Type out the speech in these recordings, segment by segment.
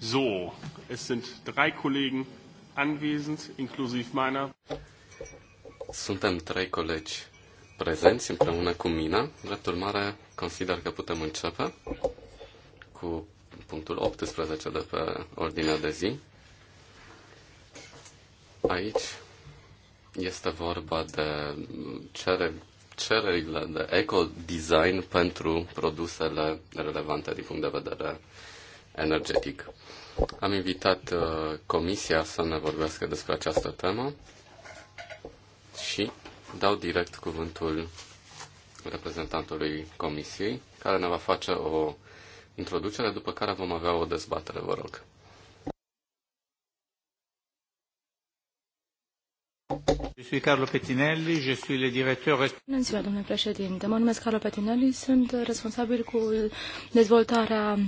So, es sind drei Kollegen anwesend, inklusive meiner. Suntem trei colegi prezenți împreună cu mine. Drept urmare, consider că putem începe cu punctul 18 de pe ordinea de zi. Aici este vorba de cere, cererile de eco-design pentru produsele relevante din punct de vedere uh, energetic. Am invitat uh, Comisia să ne vorbească despre această temă și dau direct cuvântul reprezentantului Comisiei, care ne va face o introducere, după care vom avea o dezbatere, vă rog. Eu sunt Carlo Petinelli, je suis le directeur... Bună ziua, domnule președinte. Mă numesc Carlo Petinelli, sunt responsabil cu dezvoltarea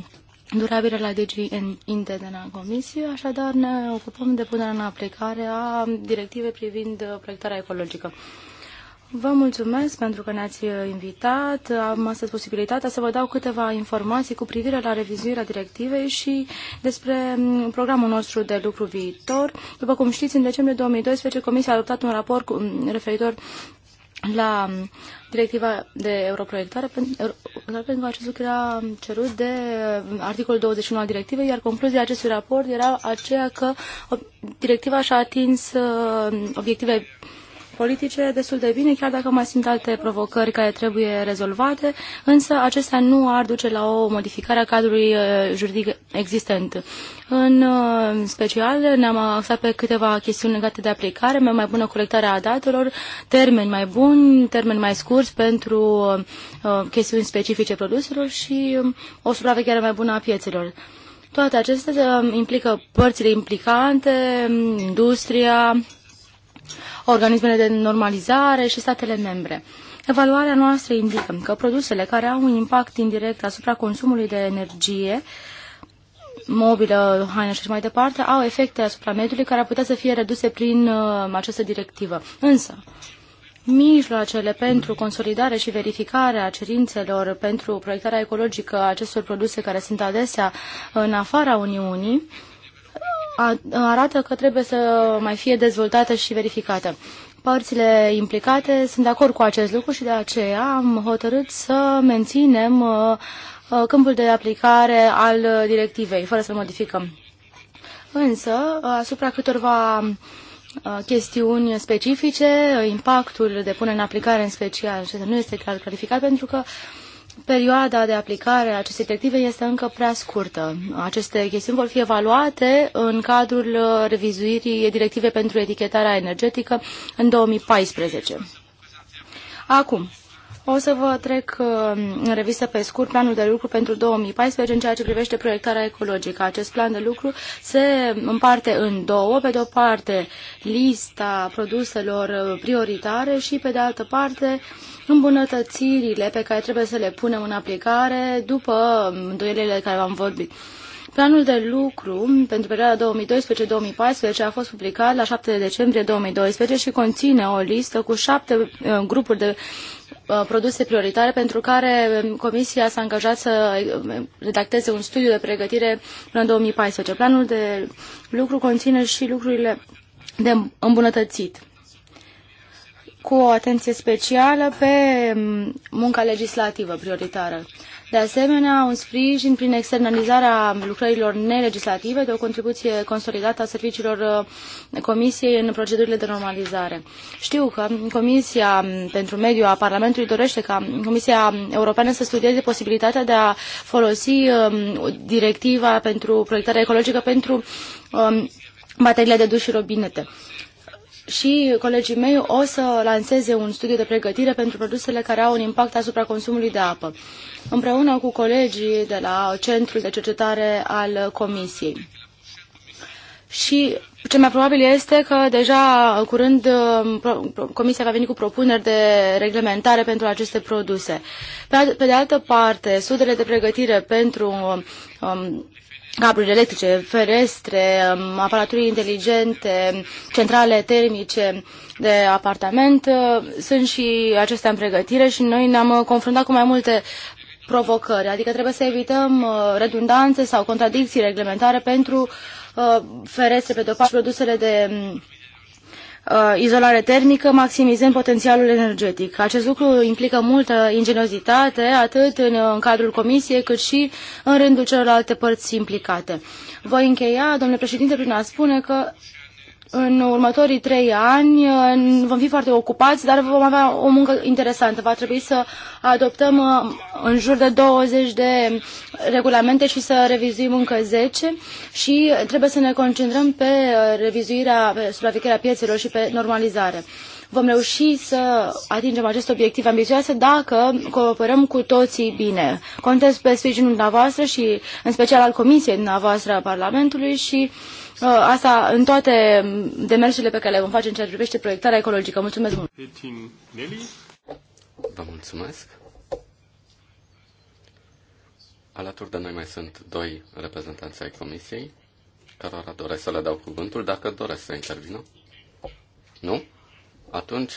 durabilă la DG în intedena comisiei, Comisie, așadar ne ocupăm de punerea în aplicare a directivei privind proiectarea ecologică. Vă mulțumesc pentru că ne-ați invitat. Am astăzi posibilitatea să vă dau câteva informații cu privire la revizuirea directivei și despre programul nostru de lucru viitor. După cum știți, în decembrie 2012 Comisia a adoptat un raport referitor la directiva de europroiectare, pentru că acest lucru era cerut de uh, articolul 21 al directivei, iar concluzia acestui raport era aceea că directiva și-a atins uh, obiective politice destul de bine, chiar dacă mai sunt alte provocări care trebuie rezolvate, însă acestea nu ar duce la o modificare a cadrului uh, juridic existent. În uh, special ne-am axat pe câteva chestiuni legate de aplicare, mai bună colectare a datelor, termeni mai buni, termeni mai scurți pentru uh, chestiuni specifice produselor și um, o supraveghere mai bună a piețelor. Toate acestea implică părțile implicante, um, industria, organismele de normalizare și statele membre. Evaluarea noastră indică că produsele care au un impact indirect asupra consumului de energie mobilă, haine și mai departe, au efecte asupra mediului care ar putea să fie reduse prin uh, această directivă. Însă, mijloacele pentru consolidare și verificarea cerințelor pentru proiectarea ecologică a acestor produse care sunt adesea în afara Uniunii uh, arată că trebuie să mai fie dezvoltată și verificată. Părțile implicate sunt de acord cu acest lucru și de aceea am hotărât să menținem uh, uh, câmpul de aplicare al directivei, fără să modificăm. Însă, asupra câtorva uh, chestiuni specifice, impactul de pune în aplicare în special, nu este clar clarificat pentru că uh, perioada de aplicare a acestei directive este încă prea scurtă. Aceste chestiuni vor fi evaluate în cadrul revizuirii directivei pentru etichetarea energetică în 2014. Acum, o să vă trec uh, în revistă pe scurt planul de lucru pentru 2014 în ceea ce privește proiectarea ecologică. Acest plan de lucru se împarte în două. Pe de o parte, lista produselor uh, prioritare și pe de altă parte, îmbunătățirile pe care trebuie să le punem în aplicare după îndoielile de care v-am vorbit. Planul de lucru pentru perioada 2012-2014 a fost publicat la 7 decembrie 2012 și conține o listă cu șapte uh, grupuri de Uh, produse prioritare pentru care um, Comisia s-a angajat să um, redacteze un studiu de pregătire până în 2014. Planul de lucru conține și lucrurile de îmbunătățit cu o atenție specială pe um, munca legislativă prioritară. De asemenea, un sprijin prin externalizarea lucrărilor nelegislative de o contribuție consolidată a serviciilor uh, Comisiei în procedurile de normalizare. Știu că Comisia pentru Mediu a Parlamentului dorește ca Comisia Europeană să studieze posibilitatea de a folosi um, directiva pentru proiectarea ecologică pentru bateriile um, de duș și robinete și colegii mei o să lanseze un studiu de pregătire pentru produsele care au un impact asupra consumului de apă, împreună cu colegii de la Centrul de Cercetare al Comisiei. Și ce mai probabil este că deja curând uh, Comisia va veni cu propuneri de reglementare pentru aceste produse. Pe, de altă parte, studiile de pregătire pentru um, cabluri electrice, ferestre, aparaturi inteligente, centrale termice de apartament. Sunt și acestea în pregătire și noi ne-am confruntat cu mai multe provocări, adică trebuie să evităm uh, redundanțe sau contradicții reglementare pentru uh, ferestre, pe de-o parte, produsele de Uh, izolare termică, maximizând potențialul energetic. Acest lucru implică multă ingeniozitate, atât în, uh, în cadrul comisiei, cât și în rândul celorlalte părți implicate. Voi încheia, domnule președinte, prin a spune că în următorii trei ani uh, vom fi foarte ocupați, dar vom avea o muncă interesantă. Va trebui să adoptăm uh, în jur de 20 de regulamente și să revizuim încă 10 și trebuie să ne concentrăm pe uh, revizuirea, pe supravegherea piețelor și pe normalizare. Vom reuși să atingem acest obiectiv ambițioase dacă cooperăm cu toții bine. Contez pe sprijinul dumneavoastră și în special al Comisiei dumneavoastră a Parlamentului și Uh, asta în toate demersurile pe care le vom face în ceea ce privește proiectarea ecologică. Mulțumesc mult! Vă mulțumesc! Alături de noi mai sunt doi reprezentanți ai Comisiei, cărora doresc să le dau cuvântul, dacă doresc să intervină. Nu? Atunci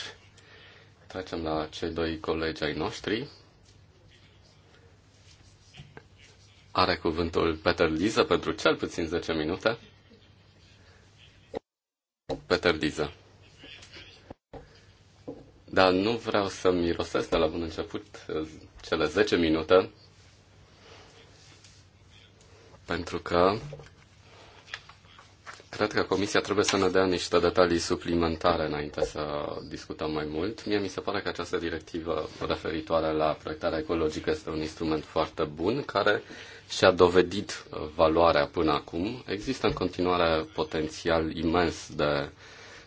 trecem la cei doi colegi ai noștri. Are cuvântul Peter Liza pentru cel puțin 10 minute. Peter Liza. Dar nu vreau să mirosesc de la bun început eh, cele 10 minute, pentru că cred că Comisia trebuie să ne dea niște detalii suplimentare înainte să discutăm mai mult. Mie mi se pare că această directivă referitoare la proiectarea ecologică este un instrument foarte bun care și-a dovedit uh, valoarea până acum. Există în continuare potențial imens de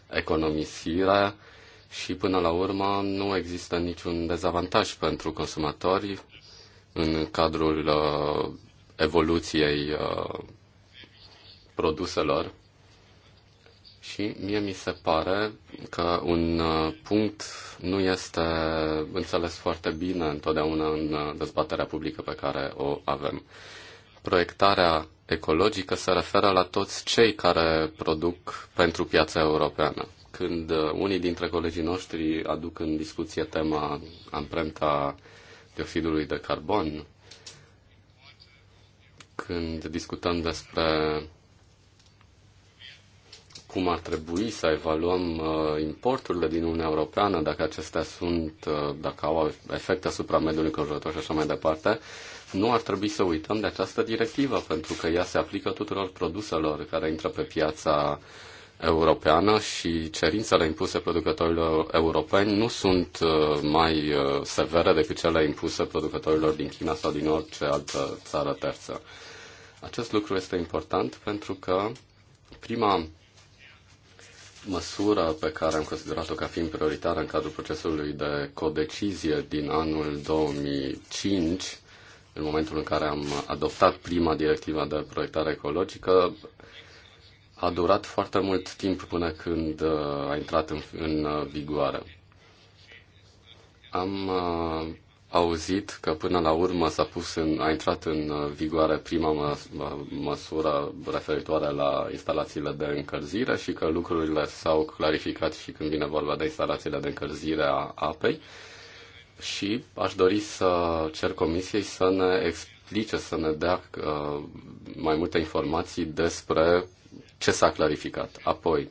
economisire și până la urmă nu există niciun dezavantaj pentru consumatori în cadrul uh, evoluției uh, produselor. Și mie mi se pare că un uh, punct nu este înțeles foarte bine întotdeauna în dezbaterea publică pe care o avem. Proiectarea ecologică se referă la toți cei care produc pentru piața europeană. Când unii dintre colegii noștri aduc în discuție tema amprenta dioxidului de carbon, când discutăm despre cum ar trebui să evaluăm uh, importurile din Uniunea Europeană, dacă acestea sunt, uh, dacă au efecte asupra mediului înconjurător și așa mai departe, nu ar trebui să uităm de această directivă, pentru că ea se aplică tuturor produselor care intră pe piața europeană și cerințele impuse producătorilor europeni nu sunt uh, mai severe decât cele impuse producătorilor din China sau din orice altă țară terță. Acest lucru este important pentru că prima măsură pe care am considerat-o ca fiind prioritară în cadrul procesului de codecizie din anul 2005, în momentul în care am adoptat prima directivă de proiectare ecologică, a durat foarte mult timp până când uh, a intrat în, în uh, vigoare. Am uh, auzit că până la urmă s-a pus în, a intrat în uh, vigoare prima măsură referitoare la instalațiile de încălzire și că lucrurile s-au clarificat și când vine vorba de instalațiile de încălzire a apei. Și aș dori să cer comisiei să ne explice, să ne dea uh, mai multe informații despre ce s-a clarificat. Apoi, uh,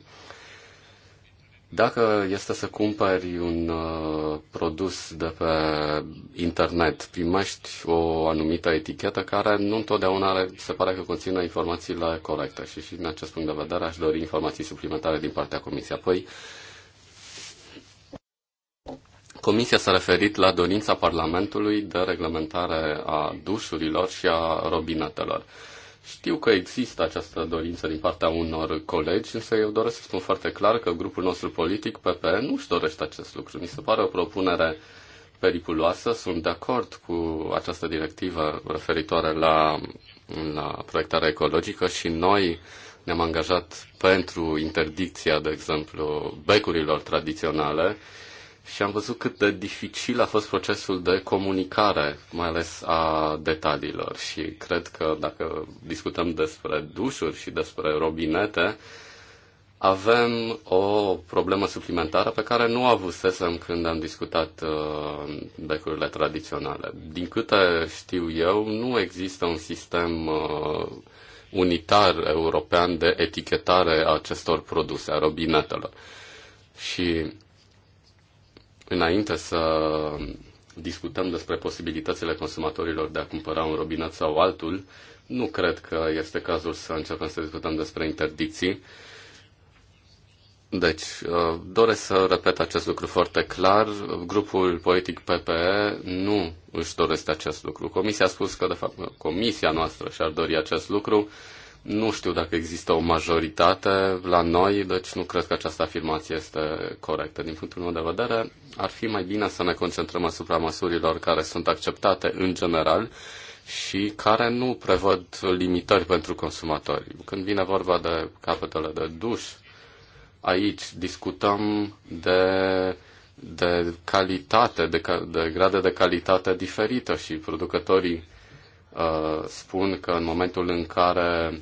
dacă este să cumperi un uh, produs de pe internet, primești o anumită etichetă care nu întotdeauna are, se pare că conține informațiile corecte și și din acest punct de vedere aș dori informații suplimentare din partea comisiei. Apoi, Comisia s-a referit la dorința Parlamentului de reglementare a dușurilor și a robinetelor. Știu că există această dorință din partea unor colegi, însă eu doresc să spun foarte clar că grupul nostru politic, PP, nu își dorește acest lucru. Mi se pare o propunere periculoasă. Sunt de acord cu această directivă referitoare la, la proiectarea ecologică și noi ne-am angajat pentru interdicția, de exemplu, becurilor tradiționale și am văzut cât de dificil a fost procesul de comunicare, mai ales a detaliilor. Și cred că dacă discutăm despre dușuri și despre robinete, avem o problemă suplimentară pe care nu avusesem când am discutat becurile uh, tradiționale. Din câte știu eu, nu există un sistem uh, unitar european de etichetare a acestor produse, a robinetelor. Și înainte să discutăm despre posibilitățile consumatorilor de a cumpăra un robinet sau altul, nu cred că este cazul să începem să discutăm despre interdicții. Deci, uh, doresc să repet acest lucru foarte clar. Grupul politic PPE nu își dorește acest lucru. Comisia a spus că, de fapt, comisia noastră și-ar dori acest lucru. Nu știu dacă există o majoritate la noi, deci nu cred că această afirmație este corectă. Din punctul meu de vedere, ar fi mai bine să ne concentrăm asupra măsurilor care sunt acceptate în general și care nu prevăd limitări pentru consumatori. Când vine vorba de capetele de duș, aici discutăm de de calitate, de, de grade de calitate diferită și producătorii uh, spun că în momentul în care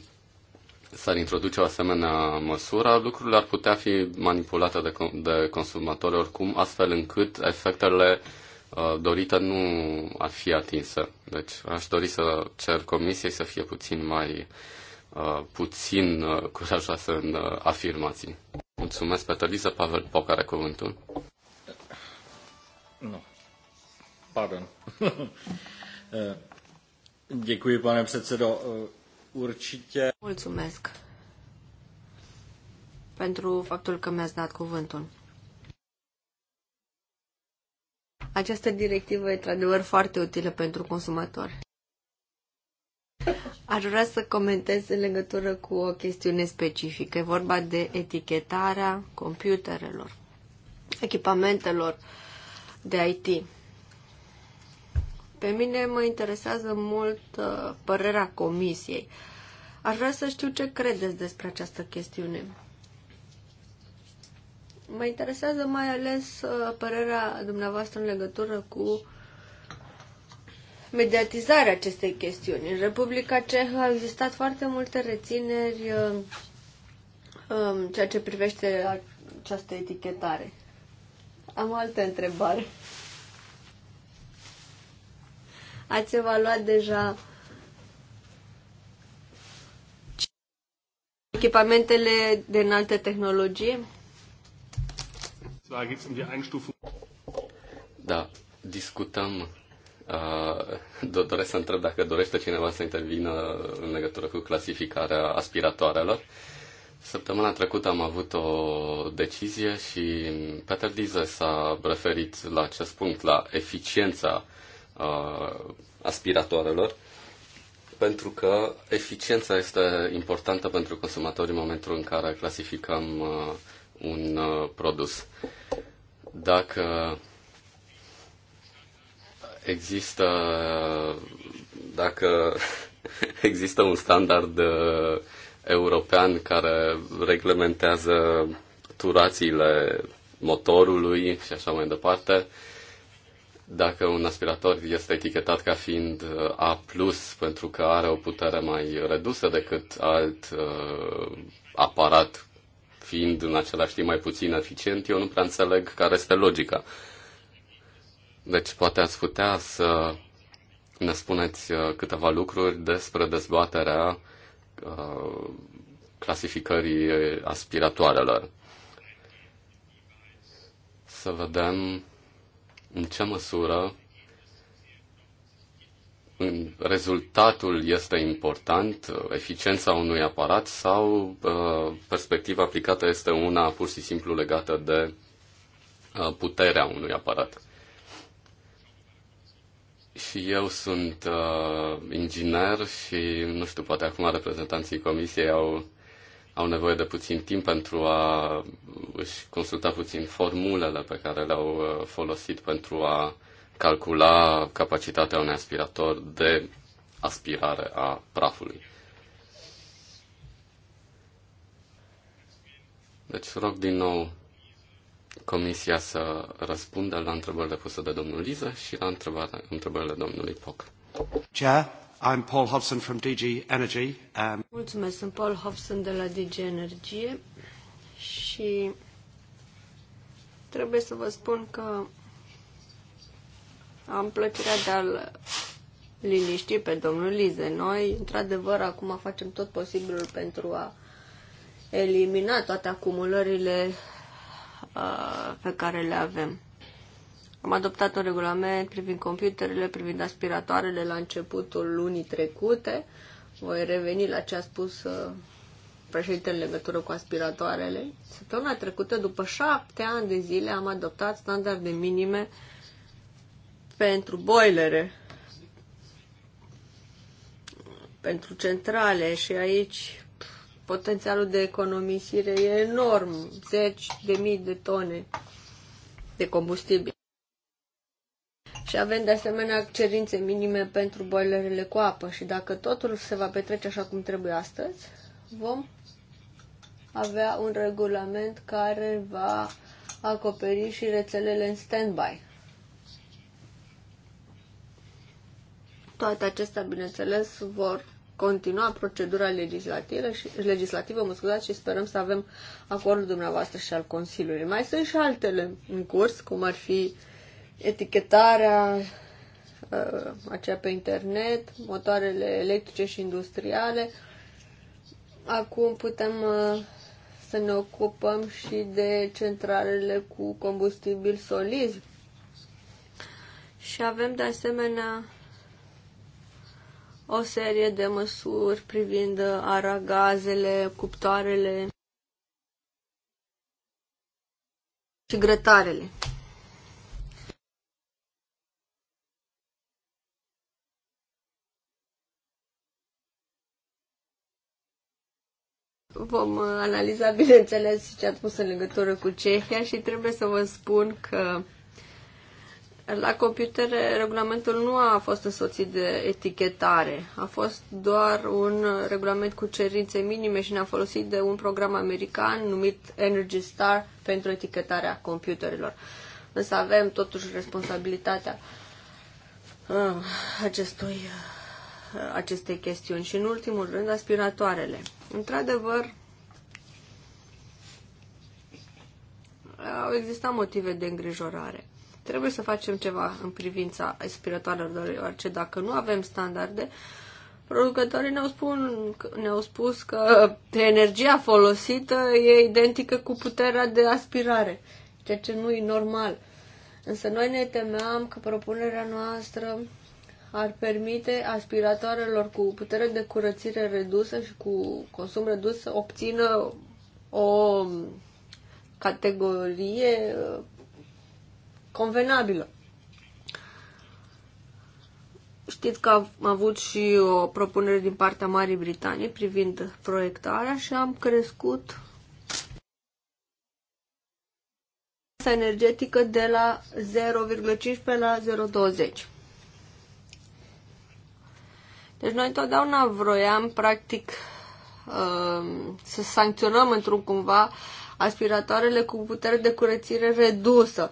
s-ar introduce o asemenea măsură, lucrurile ar putea fi manipulate de, de consumatori oricum, astfel încât efectele uh, dorite nu ar fi atinse. Deci aș dori să cer comisiei să fie puțin mai uh, puțin uh, curajoasă în uh, afirmații. Mulțumesc, Petaliza. Pavel Poc are cuvântul. Nu. Pardon. Uh, Děkuji, pane předsedo. Uh, Mulțumesc pentru faptul că mi-ați dat cuvântul. Această directivă e într-adevăr foarte utilă pentru consumatori. Aș vrea să comentez în legătură cu o chestiune specifică. E vorba de etichetarea computerelor, echipamentelor de IT. Pe mine mă interesează mult uh, părerea comisiei. Aș vrea să știu ce credeți despre această chestiune. Mă interesează mai ales uh, părerea dumneavoastră în legătură cu mediatizarea acestei chestiuni. În Republica Cehă au existat foarte multe rețineri uh, în um, ceea ce privește această etichetare. Am altă întrebare. Ați evaluat deja echipamentele de înaltă tehnologie? Da, da discutăm. Uh, doresc să întreb dacă dorește cineva să intervină în legătură cu clasificarea aspiratoarelor. Săptămâna trecută am avut o decizie și Peter Dize s-a referit la acest punct, la eficiența uh, aspiratoarelor, pentru că eficiența este importantă pentru consumatori în momentul în care clasificăm uh, un uh, produs. Dacă există, dacă există un standard uh, european care reglementează turațiile motorului și așa mai departe, uh, dacă un aspirator este etichetat ca fiind uh, A+, pentru că are o putere mai redusă decât alt uh, aparat, fiind în același timp mai puțin eficient, eu nu prea înțeleg care este logica. Deci poate ați putea să ne spuneți uh, câteva lucruri despre dezbaterea uh, clasificării aspiratoarelor. Să vedem în ce măsură rezultatul este important, eficiența unui aparat sau uh, perspectiva aplicată este una pur și simplu legată de uh, puterea unui aparat. Și eu sunt uh, inginer și, nu știu, poate acum reprezentanții comisiei au au nevoie de puțin timp pentru a își consulta puțin formulele pe care le-au uh, folosit pentru a calcula capacitatea unui aspirator de aspirare a prafului. Deci rog din nou comisia să răspundă la întrebările puse de domnul Liză și la întrebările domnului Poc. Cea? I'm Paul Hobson from DG Energy. Um... Mulțumesc, sunt Paul Hobson de la DG Energie și trebuie să vă spun că am plăcerea de a-l liniști pe domnul Lize. Noi, într-adevăr, acum facem tot posibilul pentru a elimina toate acumulările uh, pe care le avem. Am adoptat un regulament privind computerele, privind aspiratoarele la începutul lunii trecute. Voi reveni la ce a spus uh, președintele în legătură cu aspiratoarele. Săptămâna trecută, după șapte ani de zile, am adoptat standarde minime pentru boilere, pentru centrale și aici potențialul de economisire e enorm, zeci de mii de tone de combustibil. Și avem de asemenea cerințe minime pentru boilerele cu apă și dacă totul se va petrece așa cum trebuie astăzi, vom avea un regulament care va acoperi și rețelele în standby. Toate acestea, bineînțeles, vor continua procedura legislativă și, legislativă, mă scuzați, și sperăm să avem acordul dumneavoastră și al Consiliului. Mai sunt și altele în curs, cum ar fi uh, etichetarea uh, aceea pe internet, motoarele electrice și industriale. Acum putem uh, să ne ocupăm și de centralele cu combustibil solid. Și avem de asemenea o serie de măsuri privind aragazele, cuptoarele și grătarele. Vom uh, analiza, bineînțeles, ce ați pus în legătură cu Cehia și trebuie să vă spun că la computer regulamentul nu a fost însoțit de etichetare. A fost doar un regulament cu cerințe minime și ne-a folosit de un program american numit Energy Star pentru etichetarea computerelor. Însă avem totuși responsabilitatea uh, acestui uh, aceste chestiuni și, în ultimul rând, aspiratoarele. Într-adevăr, au existat motive de îngrijorare. Trebuie să facem ceva în privința aspiratoarelor, deoarece dacă nu avem standarde, producătorii ne-au, ne-au spus că energia folosită e identică cu puterea de aspirare, ceea ce nu e normal. Însă noi ne temeam că propunerea noastră ar permite aspiratoarelor cu putere de curățire redusă și cu consum redus să obțină o categorie uh, convenabilă. Știți că am avut și o propunere din partea Marii Britanii privind proiectarea și am crescut energetică de la 0,15 la 0,20. Deci noi întotdeauna vroiam, practic, uh, să sancționăm într-un cumva aspiratoarele cu putere de curățire redusă.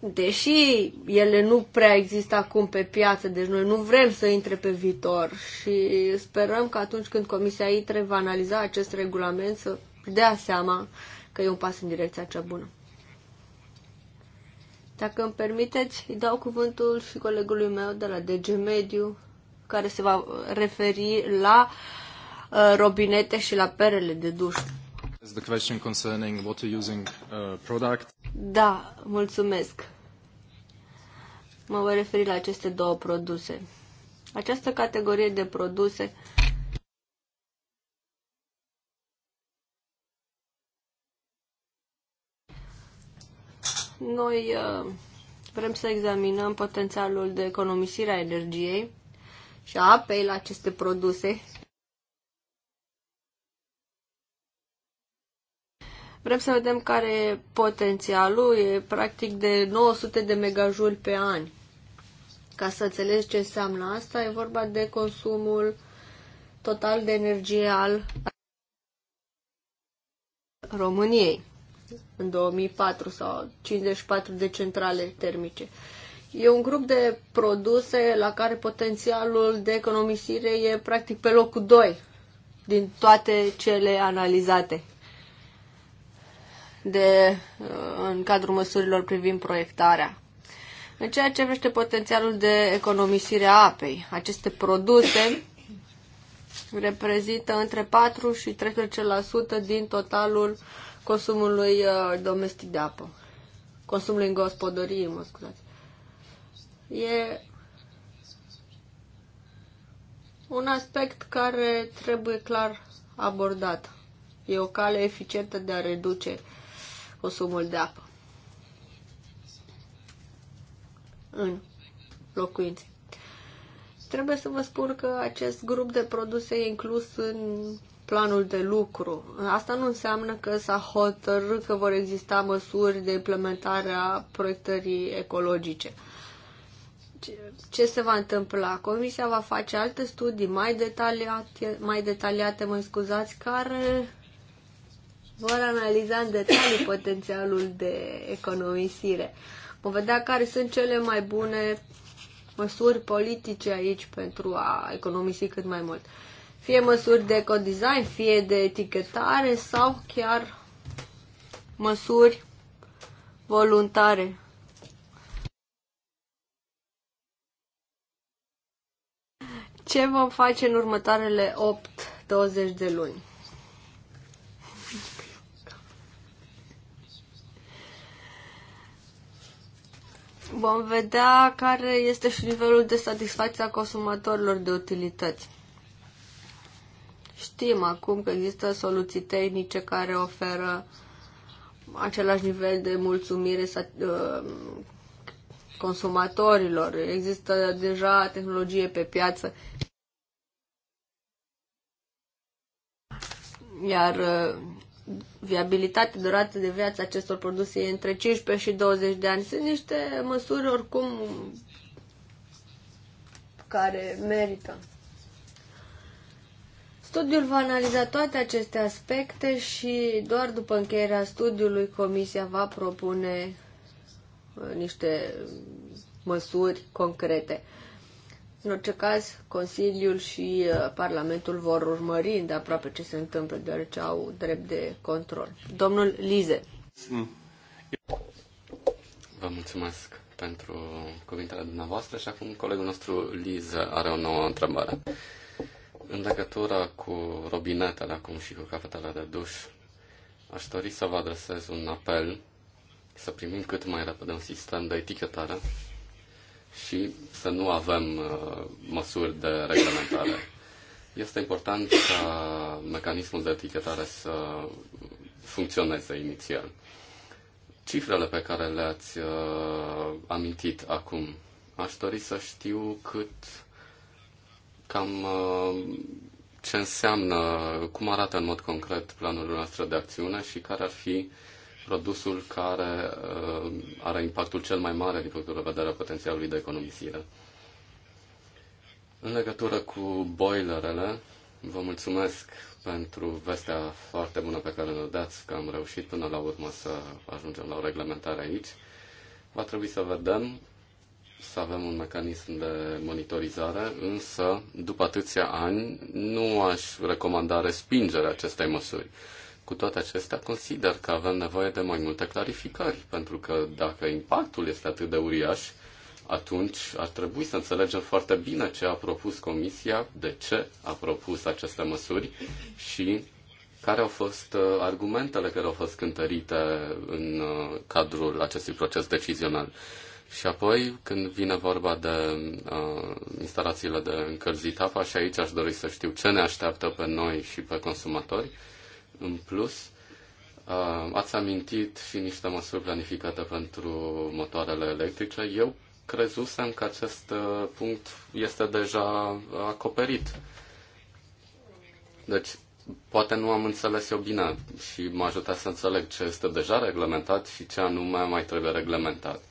Deși ele nu prea există acum pe piață, deci noi nu vrem să intre pe viitor și sperăm că atunci când Comisia ITRE va analiza acest regulament să dea seama că e un pas în direcția cea bună. Dacă îmi permiteți, îi dau cuvântul și colegului meu de la DG Mediu, care se va referi la uh, robinete și la perele de duș. The question concerning water using uh, product. Da, mulțumesc. Mă voi referi la aceste două produse. Această categorie de produse noi uh, vrem să examinăm potențialul de economisire a energiei și a apei la aceste produse. Vrem să vedem care e potențialul, e practic de 900 de megajuli pe an. Ca să înțelegi ce înseamnă asta, e vorba de consumul total de energie al României în 2004 sau 54 de centrale termice. E un grup de produse la care potențialul de economisire e practic pe locul 2 din toate cele analizate de, uh, în cadrul măsurilor privind proiectarea. În ceea ce vrește potențialul de economisire a apei, aceste produse reprezintă între 4 și 13% din totalul consumului uh, domestic de apă, consumului în gospodărie, mă scuzați. E un aspect care trebuie clar abordat. E o cale eficientă de a reduce consumul de apă în locuințe. Trebuie să vă spun că acest grup de produse e inclus în planul de lucru. Asta nu înseamnă că s-a hotărât că vor exista măsuri de implementare a proiectării ecologice ce se va întâmpla? Comisia va face alte studii mai detaliate, mai detaliate, mă scuzați, care vor analiza în detaliu potențialul de economisire. Vom vedea care sunt cele mai bune măsuri politice aici pentru a economisi cât mai mult. Fie măsuri de ecodesign, fie de etichetare sau chiar măsuri voluntare ce vom face în următoarele 8-20 de luni. Vom vedea care este și nivelul de satisfacție a consumatorilor de utilități. Știm acum că există soluții tehnice care oferă același nivel de mulțumire uh, consumatorilor. Există deja tehnologie pe piață. Iar uh, viabilitatea, durată de viață acestor produse e între 15 și 20 de ani. Sunt niște măsuri oricum care merită. Studiul va analiza toate aceste aspecte și doar după încheierea studiului comisia va propune niște măsuri concrete. În orice caz, Consiliul și uh, Parlamentul vor urmări de aproape ce se întâmplă, deoarece au drept de control. Domnul Lize. Vă mulțumesc pentru cuvintele dumneavoastră și acum colegul nostru Lize are o nouă întrebare. În legătură cu robinetele acum și cu cafetele de duș, aș dori să vă adresez un apel să primim cât mai repede un sistem de etichetare și să nu avem uh, măsuri de reglementare. Este important ca mecanismul de etichetare să funcționeze inițial. Cifrele pe care le-ați uh, amintit acum, aș dori să știu cât cam uh, ce înseamnă, cum arată în mod concret planurile noastre de acțiune și care ar fi uh, produsul care uh, are impactul cel mai mare din punctul de vedere al potențialului de economisire. În legătură cu boilerele, vă mulțumesc pentru vestea foarte bună pe care ne dați, că am reușit până la urmă să ajungem la o reglementare aici. Va trebui să vedem, să avem un mecanism de monitorizare, însă, după atâția ani, nu aș recomanda respingerea acestei măsuri. Cu toate acestea, consider că avem nevoie de mai multe clarificări, pentru că dacă impactul este atât de uriaș, atunci ar trebui să înțelegem foarte bine ce a propus Comisia, de ce a propus aceste măsuri și care au fost uh, argumentele care au fost cântărite în uh, cadrul acestui proces decizional. Și apoi, când vine vorba de uh, instalațiile de încălzit apa, și aici aș dori să știu ce ne așteaptă pe noi și pe consumatori, în plus, ați amintit și niște măsuri planificate pentru motoarele electrice. Eu crezusem că acest uh, punct este deja acoperit. Deci, poate nu am înțeles eu bine și m-a ajutat să înțeleg ce este deja reglementat și ce anume mai trebuie reglementat.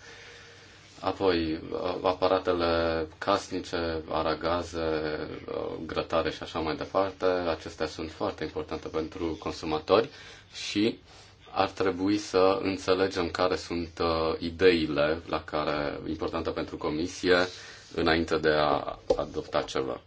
Apoi, uh, aparatele casnice, aragaze, uh, grătare și așa mai departe, acestea sunt foarte importante pentru consumatori și ar trebui să înțelegem care sunt uh, ideile la care importante pentru comisie înainte de a adopta ceva.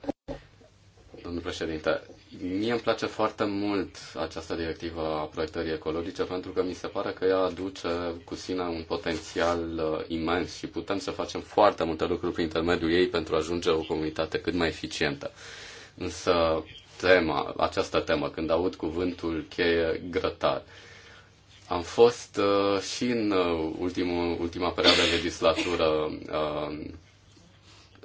Domnul președinte, Mie îmi place foarte mult această directivă a proiectării ecologice pentru că mi se pare că ea aduce cu sine un potențial uh, imens și putem să facem foarte multe lucruri prin intermediul ei pentru a ajunge o comunitate cât mai eficientă. Însă tema, această temă, când aud cuvântul cheie grătar, am fost uh, și în uh, ultimul, ultima perioadă de legislatură uh,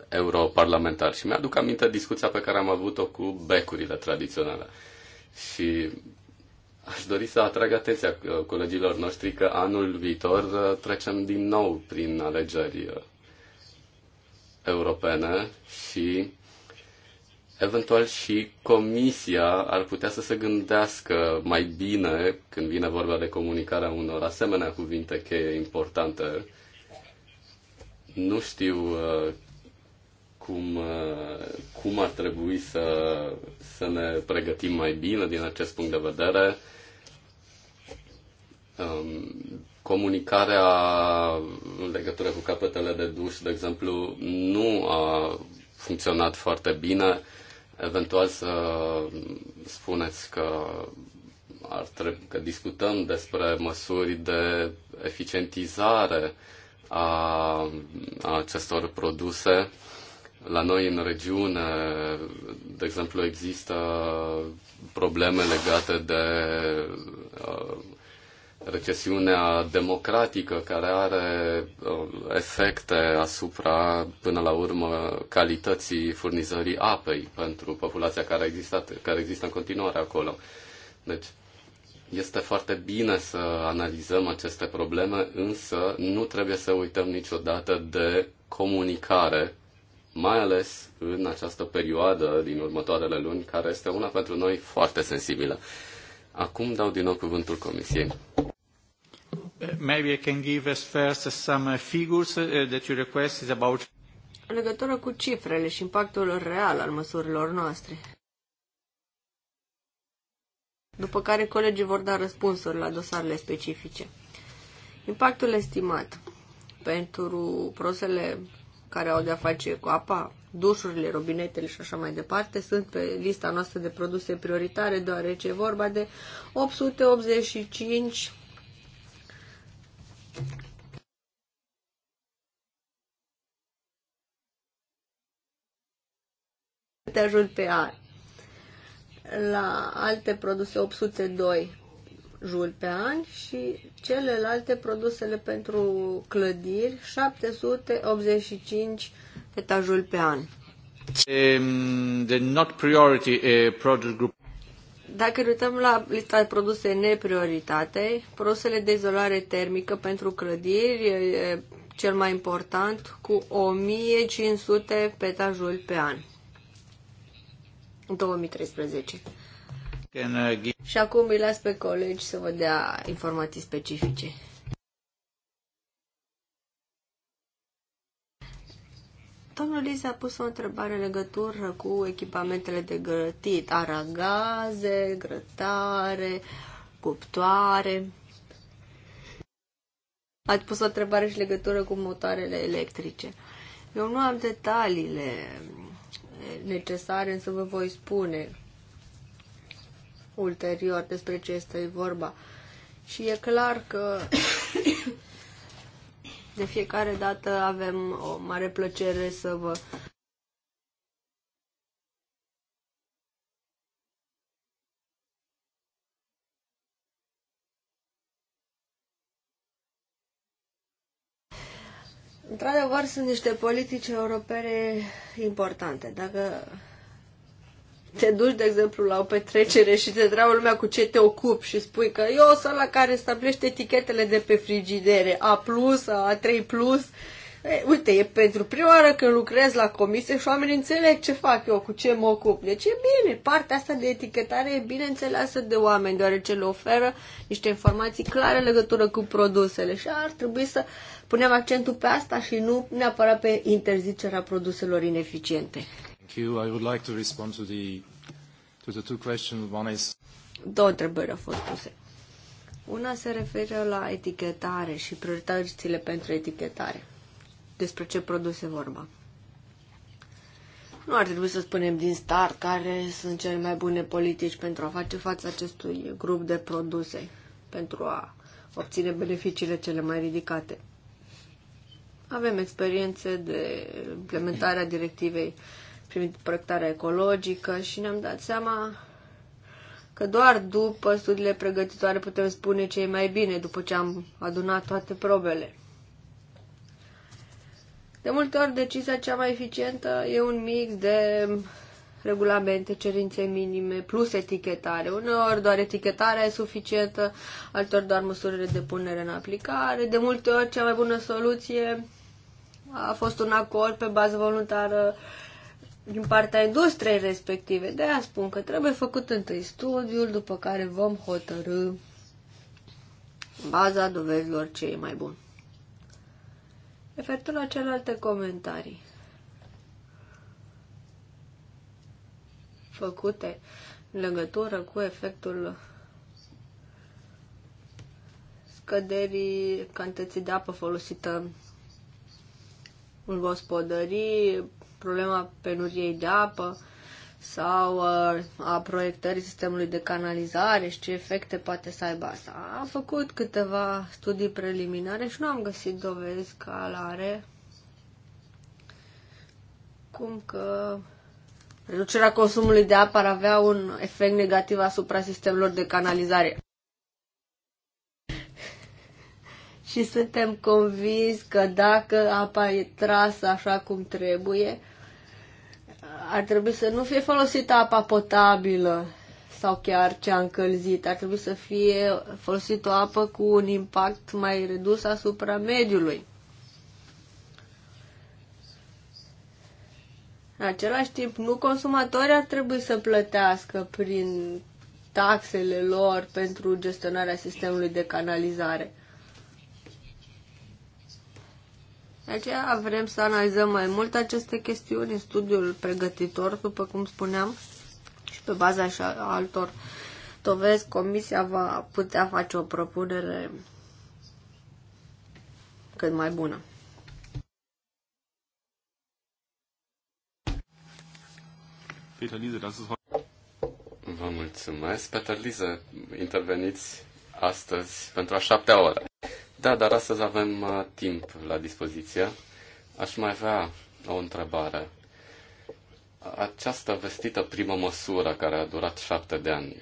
europarlamentar Și mi-aduc aminte discuția pe care am avut-o cu becurile tradiționale. Și aș dori să atrag atenția uh, colegilor noștri că anul viitor uh, trecem din nou prin alegeri uh, europene și eventual și Comisia ar putea să se gândească mai bine când vine vorba de comunicarea unor asemenea cuvinte cheie importante. Nu știu cum, uh, cum ar trebui să, să ne pregătim mai bine din acest punct de vedere. Um, comunicarea în legătură cu capetele de duș, de exemplu, nu a funcționat foarte bine. Eventual să spuneți că ar trebui că discutăm despre măsuri de eficientizare a, a acestor produse la noi în regiune, de exemplu, există probleme legate de uh, recesiunea democratică care are uh, efecte asupra, până la urmă, calității furnizării apei pentru populația care, existat, care există în continuare acolo. Deci, este foarte bine să analizăm aceste probleme, însă nu trebuie să uităm niciodată de comunicare mai ales în această perioadă din următoarele luni, care este una pentru noi foarte sensibilă. Acum dau din nou cuvântul Comisiei. Maybe I can give us first some uh, figures uh, that you request is about în legătură cu cifrele și impactul real al măsurilor noastre. După care colegii vor da răspunsuri la dosarele specifice. Impactul estimat pentru prosele care au de-a face cu apa, dușurile, robinetele și așa mai departe, sunt pe lista noastră de produse prioritare, deoarece e vorba de 885 te ajut pe an. La alte produse 802 joule pe an și celelalte produsele pentru clădiri 785 petajul pe an. Um, the not priority uh, product group. Dacă ne uităm la lista de produse neprioritate, produsele de izolare termică pentru clădiri, e cel mai important, cu 1500 petajul pe an. 2013. Uh, și acum îi las pe colegi să vă dea informații specifice. Domnul Liz a pus o întrebare în legătură cu echipamentele de grătit, aragaze, grătare, cuptoare. Ați pus o întrebare și legătură cu motoarele electrice. Eu nu am detaliile necesare, însă vă voi spune ulterior despre ce este vorba. Și e clar că de fiecare dată avem o mare plăcere să vă Într-adevăr, sunt niște politici europene importante. Dacă te duci, de exemplu, la o petrecere și te întreabă lumea cu ce te ocupi și spui că eu sunt la care stabilește etichetele de pe frigidere, A+, A3+, e, uite, e pentru prima oară când lucrez la comisie și oamenii înțeleg ce fac eu, cu ce mă ocup. Deci e bine, partea asta de etichetare e bine înțeleasă de oameni, deoarece le oferă niște informații clare în legătură cu produsele și ar trebui să punem accentul pe asta și nu neapărat pe interzicerea produselor ineficiente. Thank you. I would like to respond to the, to the two questions. One is... Două întrebări au fost puse. Una se referă la etichetare și prioritățile pentru etichetare. Despre ce produse vorba. Nu ar trebui să spunem din start care sunt cele mai bune politici pentru a face față acestui grup de produse, pentru a obține beneficiile cele mai ridicate. Avem experiențe de implementarea directivei privind proiectarea ecologică și ne-am dat seama că doar după studiile pregătitoare putem spune ce e mai bine, după ce am adunat toate probele. De multe ori, decizia cea mai eficientă e un mix de regulamente, cerințe minime, plus etichetare. Uneori doar etichetarea e suficientă, altor doar măsurile de punere în aplicare. De multe ori, cea mai bună soluție a fost un acord pe bază voluntară din partea industriei respective. De aia spun că trebuie făcut întâi studiul, după care vom hotărâ baza dovezilor ce e mai bun. Efectul la celelalte comentarii făcute în legătură cu efectul scăderii cantității de apă folosită în gospodării, problema penuriei de apă sau uh, a proiectării sistemului de canalizare și ce efecte poate să aibă asta. Am făcut câteva studii preliminare și nu am găsit dovezi că are cum că reducerea consumului de apă ar avea un efect negativ asupra sistemelor de canalizare. și suntem convins că dacă apa e trasă așa cum trebuie, ar trebui să nu fie folosită apa potabilă sau chiar cea încălzită. Ar trebui să fie folosită o apă cu un impact mai redus asupra mediului. În același timp, nu consumatorii ar trebui să plătească prin taxele lor pentru gestionarea sistemului de canalizare. De aceea vrem să analizăm mai mult aceste chestiuni în studiul pregătitor, după cum spuneam, și pe baza și altor dovezi, comisia va putea face o propunere cât mai bună. Peter Liese, das ist Vă mulțumesc. Peter interveniți astăzi pentru a șaptea oră. Da, dar astăzi avem uh, timp la dispoziție. Aș mai avea o întrebare. Această vestită primă măsură care a durat șapte de ani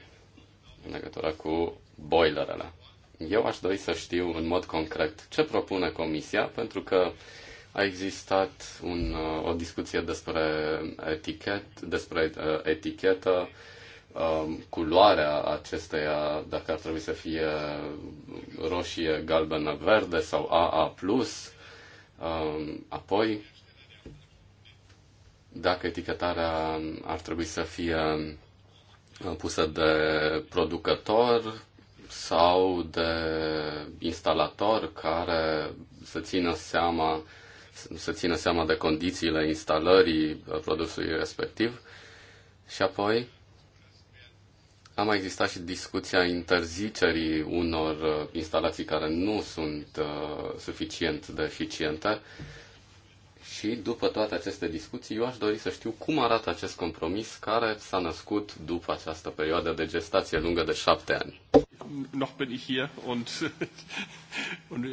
în legătură cu boilerele. Eu aș dori să știu în mod concret ce propune Comisia, pentru că a existat un, uh, o discuție despre etichet, despre uh, etichetă, Um, culoarea acesteia, dacă ar trebui să fie roșie, galbenă, verde sau AA+. Um, apoi, dacă etichetarea ar trebui să fie pusă de producător sau de instalator care să țină seama să țină seama de condițiile instalării produsului respectiv și apoi a mai existat și discuția interzicerii unor uh, instalații care nu sunt uh, suficient de eficiente. Și după toate aceste discuții, eu aș dori să știu cum arată acest compromis care s-a născut după această perioadă de gestație lungă de șapte ani. Noch bin ich hier und, und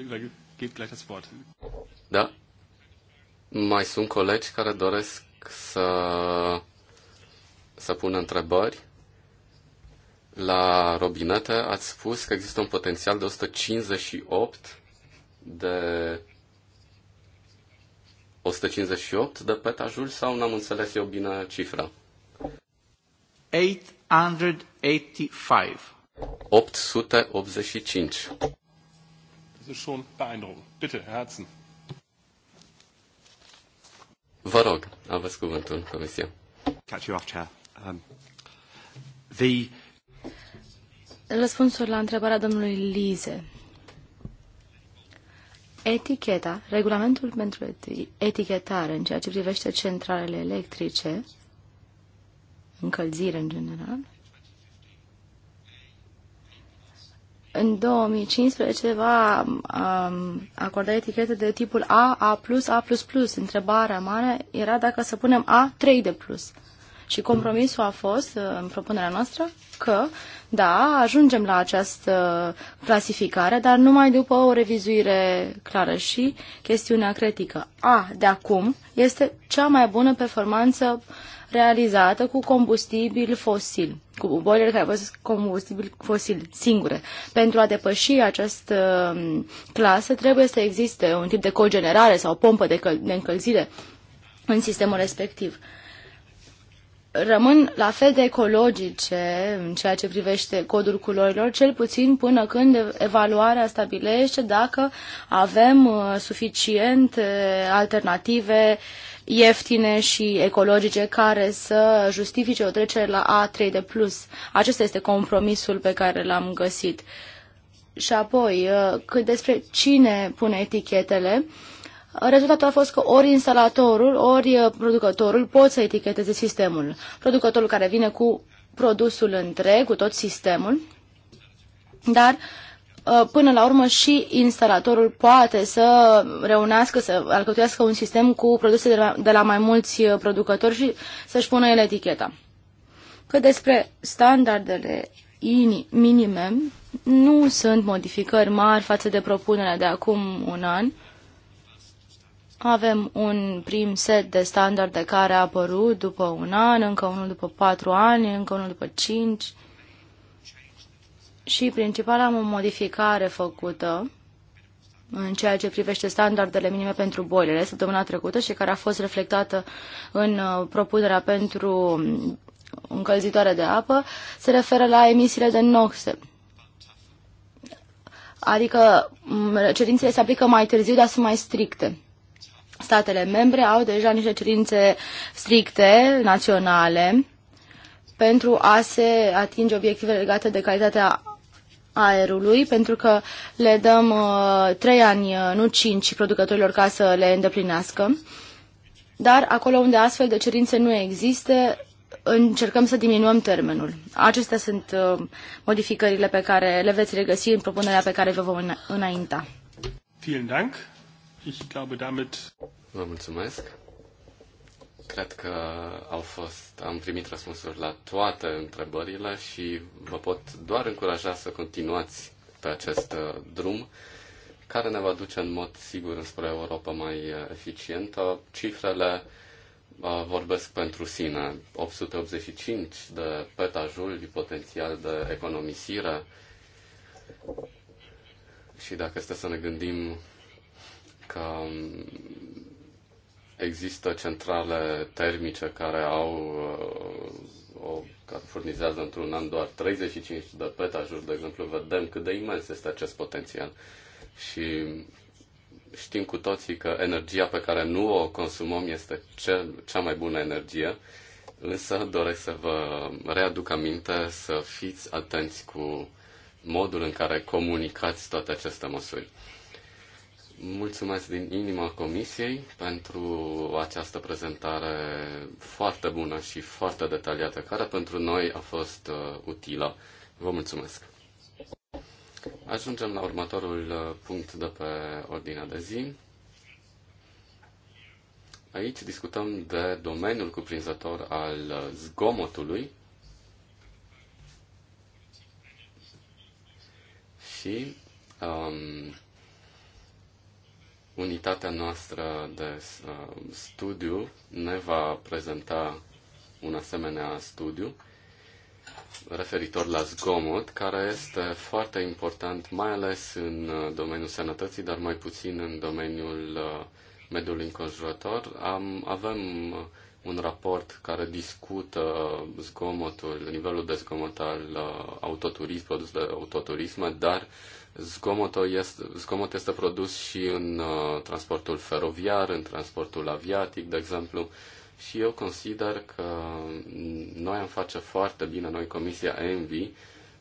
gebe gleich das Wort. Da? Mai sunt colegi care doresc să, să pună întrebări? la robinete, ați spus că există un potențial de 158 de 158 de petajul sau n-am înțeles eu bine cifra? 885. 885. Das ist schon beeindruckend. Bitte, Herzen. Vă rog, aveți cuvântul, Comisia. Catch you off, Chair. Um, the Răspunsuri la întrebarea domnului Lize. Eticheta, regulamentul pentru etichetare în ceea ce privește centralele electrice, încălzire în general, în 2015 va um, acorda etichete de tipul A, A+, A++. Întrebarea mare era dacă să punem A3 de plus. Și compromisul a fost, uh, în propunerea noastră, că, da, ajungem la această clasificare, dar numai după o revizuire clară și chestiunea critică. A, de acum, este cea mai bună performanță realizată cu combustibil fosil, cu boiler care folosesc combustibil fosil singure. Pentru a depăși această um, clasă trebuie să existe un tip de cogenerare sau pompă de, de încălzire în sistemul respectiv rămân la fel de ecologice în ceea ce privește codul culorilor, cel puțin până când evaluarea stabilește dacă avem uh, suficient alternative ieftine și ecologice care să justifice o trecere la A3 de plus. Acesta este compromisul pe care l-am găsit. Și apoi, uh, cât despre cine pune etichetele, uh, Rezultatul a fost că ori instalatorul, ori uh, producătorul pot să eticheteze sistemul. Producătorul care vine cu produsul întreg, cu tot sistemul, dar uh, până la urmă și instalatorul poate să reunească, să alcătuiască un sistem cu produse de la, de la mai mulți uh, producători și să-și pună el eticheta. Că despre standardele minime, nu sunt modificări mari față de propunerea de acum un an, avem un prim set de standarde care a apărut după un an, încă unul după patru ani, încă unul după cinci. Și o modificare făcută în ceea ce privește standardele minime pentru boilele săptămâna trecută și care a fost reflectată în uh, propunerea pentru încălzitoare de apă, se referă la emisiile de noxe. Adică mm, cerințele se aplică mai târziu, dar sunt mai stricte statele membre au deja niște cerințe stricte, naționale, pentru a se atinge obiective legate de calitatea aerului, pentru că le dăm uh, ani, uh, nu cinci, producătorilor ca să le îndeplinească. Dar acolo unde astfel de cerințe nu există, încercăm să diminuăm termenul. Acestea sunt uh, modificările pe care le veți regăsi în propunerea pe care vă vom înainta. Vielen Dank. Ich glaube, damit... Vă mulțumesc. Cred că au fost, am primit răspunsuri la toate întrebările și vă pot doar încuraja să continuați pe acest uh, drum care ne va duce în mod sigur înspre Europa mai uh, eficientă. Cifrele uh, vorbesc pentru sine. 885 de petajuli potențial de economisire și dacă este să ne gândim că există centrale termice care au uh, o, care furnizează într-un an doar 35 de petajuri, de exemplu, vedem cât de imens este acest potențial. Și știm cu toții că energia pe care nu o consumăm este cea mai bună energie, însă doresc să vă readuc aminte să fiți atenți cu modul în care comunicați toate aceste măsuri. Mulțumesc din inimă Comisiei pentru această prezentare foarte bună și foarte detaliată, care pentru noi a fost uh, utilă. Vă mulțumesc! Ajungem la următorul uh, punct de pe ordinea de zi. Aici discutăm de domeniul cuprinzător al uh, zgomotului și um, unitatea noastră de uh, studiu ne va prezenta un asemenea studiu referitor la zgomot, care este foarte important, mai ales în uh, domeniul sănătății, dar mai puțin în domeniul uh, mediului înconjurător. Am, avem un raport care discută zgomotul, nivelul de zgomot al autoturism, produs de autoturisme, dar uh, Zgomotul este, zgomot este produs și în uh, transportul feroviar, în transportul aviatic, de exemplu, și eu consider că noi am face foarte bine, noi Comisia ENVI,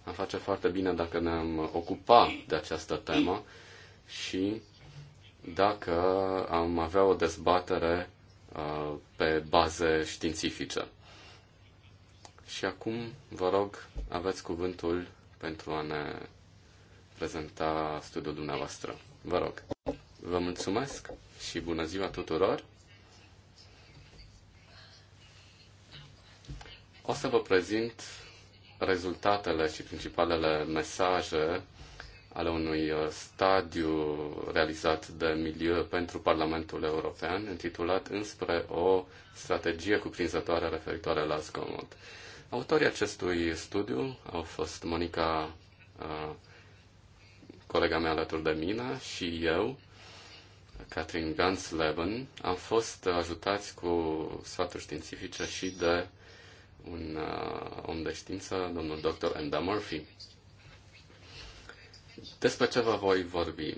am face foarte bine dacă ne-am ocupa de această temă și dacă am avea o dezbatere uh, pe baze științifice. Și acum, vă rog, aveți cuvântul pentru a ne prezenta studiul dumneavoastră. Vă rog. Vă mulțumesc și bună ziua tuturor. O să vă prezint rezultatele și principalele mesaje ale unui uh, stadiu realizat de milieu pentru Parlamentul European, intitulat Înspre o strategie cuprinzătoare referitoare la zgomot. Autorii acestui studiu au fost Monica uh, colega mea alături de mine și eu, Catherine Gansleben, am fost ajutați cu sfaturi științifice și de un uh, om de știință, domnul dr. Enda Murphy. Despre ce vă voi vorbi?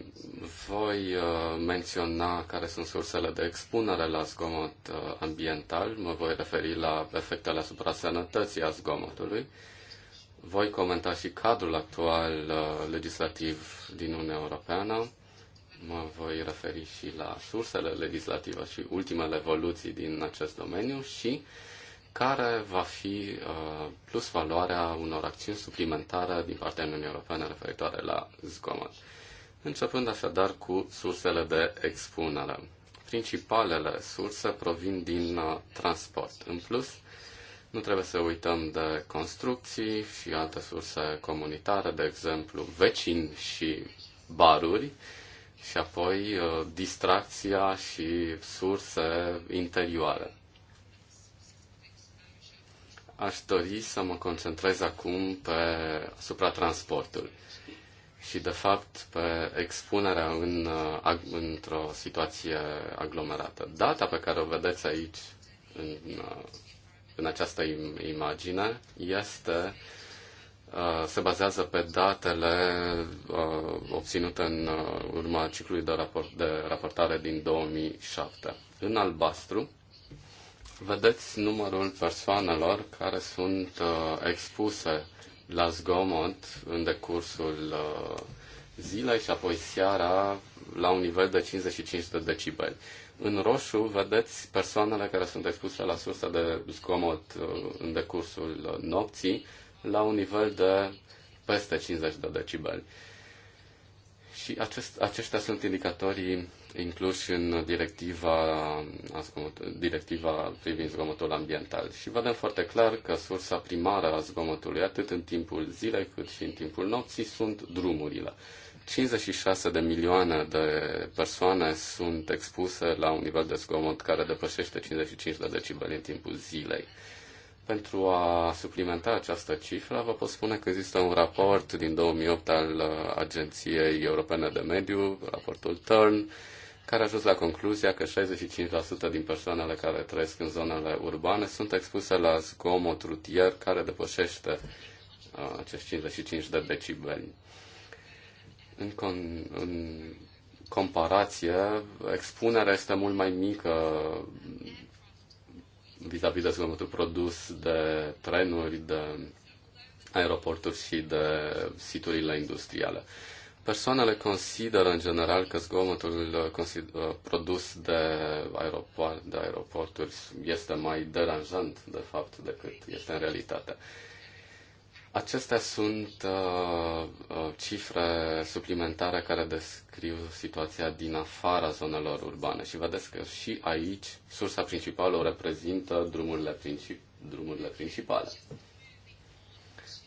Voi uh, menționa care sunt sursele de expunere la zgomot uh, ambiental, mă voi referi la efectele asupra sănătății a zgomotului, uh, voi comenta și cadrul actual uh, legislativ din Uniunea Europeană. Mă voi referi și la sursele legislative și ultimele evoluții din acest domeniu și care va fi uh, plus valoarea unor acțiuni suplimentare din partea Uniunii Europene referitoare la zgomot. Începând așadar cu sursele de expunere. Principalele surse provin din uh, transport. În plus, nu trebuie să uităm de construcții și alte surse comunitare, de exemplu vecini și baruri, și apoi uh, distracția și surse interioare. Aș dori să mă concentrez acum pe supratransportul și, de fapt, pe expunerea în, uh, într-o situație aglomerată. Data pe care o vedeți aici, în uh, în această imagine este uh, se bazează pe datele uh, obținute în uh, urma ciclului de, raport, de raportare din 2007. În albastru vedeți numărul persoanelor care sunt expuse la zgomot în decursul zilei și apoi seara la un nivel de 55 de decibeli. În roșu vedeți persoanele care sunt expuse la sursa de zgomot uh, în decursul nopții la un nivel de peste 50 de decibeli. Și acest, aceștia sunt indicatorii incluși în directiva, zgomot, directiva privind zgomotul ambiental. Și vedem foarte clar că sursa primară a zgomotului, atât în timpul zilei cât și în timpul nopții, sunt drumurile. 56 de milioane de persoane sunt expuse la un nivel de zgomot care depășește 55 de decibeli în timpul zilei. Pentru a suplimenta această cifră, vă pot spune că există un raport din 2008 al Agenției Europene de Mediu, raportul TURN, care a ajuns la concluzia că 65% din persoanele care trăiesc în zonele urbane sunt expuse la zgomot rutier care depășește uh, acești 55 de decibeli. În, con- în comparație, expunerea este mult mai mică vis-a-vis de zgomotul produs de trenuri, de aeroporturi și de siturile industriale. Persoanele consideră în general că zgomotul uh, uh, produs de, aeroport, de aeroporturi este mai deranjant, de fapt, decât este în realitate. Acestea sunt uh, uh, cifre suplimentare care descriu situația din afara zonelor urbane și vedeți că și aici sursa principală o reprezintă drumurile, princip- drumurile principale.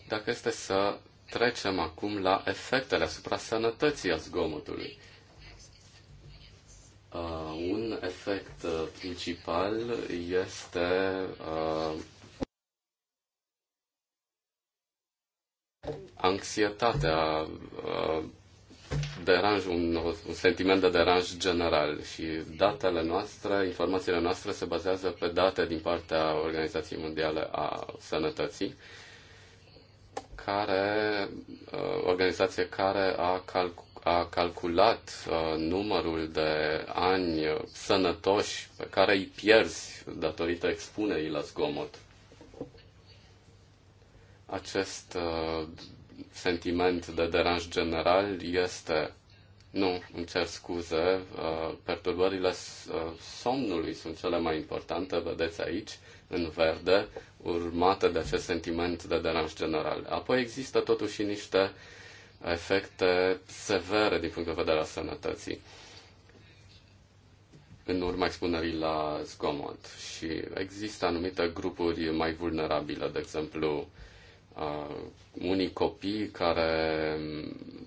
Dacă este să trecem acum la efectele asupra sănătății a zgomotului. Uh, un efect uh, principal este uh, anxietatea, uh, deranj, un, un sentiment de deranj general și datele noastre, informațiile noastre se bazează pe date din partea Organizației Mondiale a Sănătății, care, uh, organizație care a, calc, a calculat uh, numărul de ani sănătoși pe care îi pierzi datorită expunerii la zgomot. Acest uh, sentiment de deranj general este nu, îmi cer scuze, uh, perturbările uh, somnului sunt cele mai importante, vedeți aici, în verde, urmate de acest sentiment de deranj general. Apoi există totuși niște efecte severe din punct de vedere al sănătății în urma expunerii la zgomot și există anumite grupuri mai vulnerabile, de exemplu unii copii care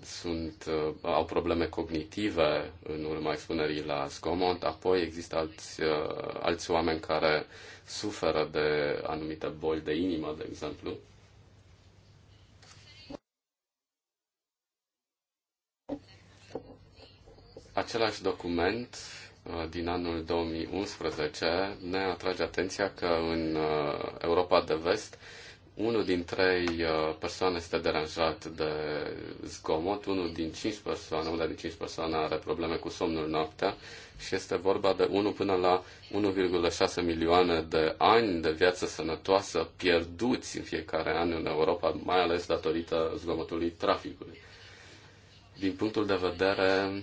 sunt, uh, au probleme cognitive în urma expunerii la zgomot, apoi există alți, uh, alți oameni care suferă de anumite boli de inimă, de exemplu. Același document uh, din anul 2011 ne atrage atenția că în uh, Europa de Vest unul din trei uh, persoane este deranjat de zgomot, unul din cinci persoane, una din cinci persoane are probleme cu somnul noaptea și este vorba de 1 până la 1,6 milioane de ani de viață sănătoasă pierduți în fiecare an în Europa, mai ales datorită zgomotului traficului. Din punctul de vedere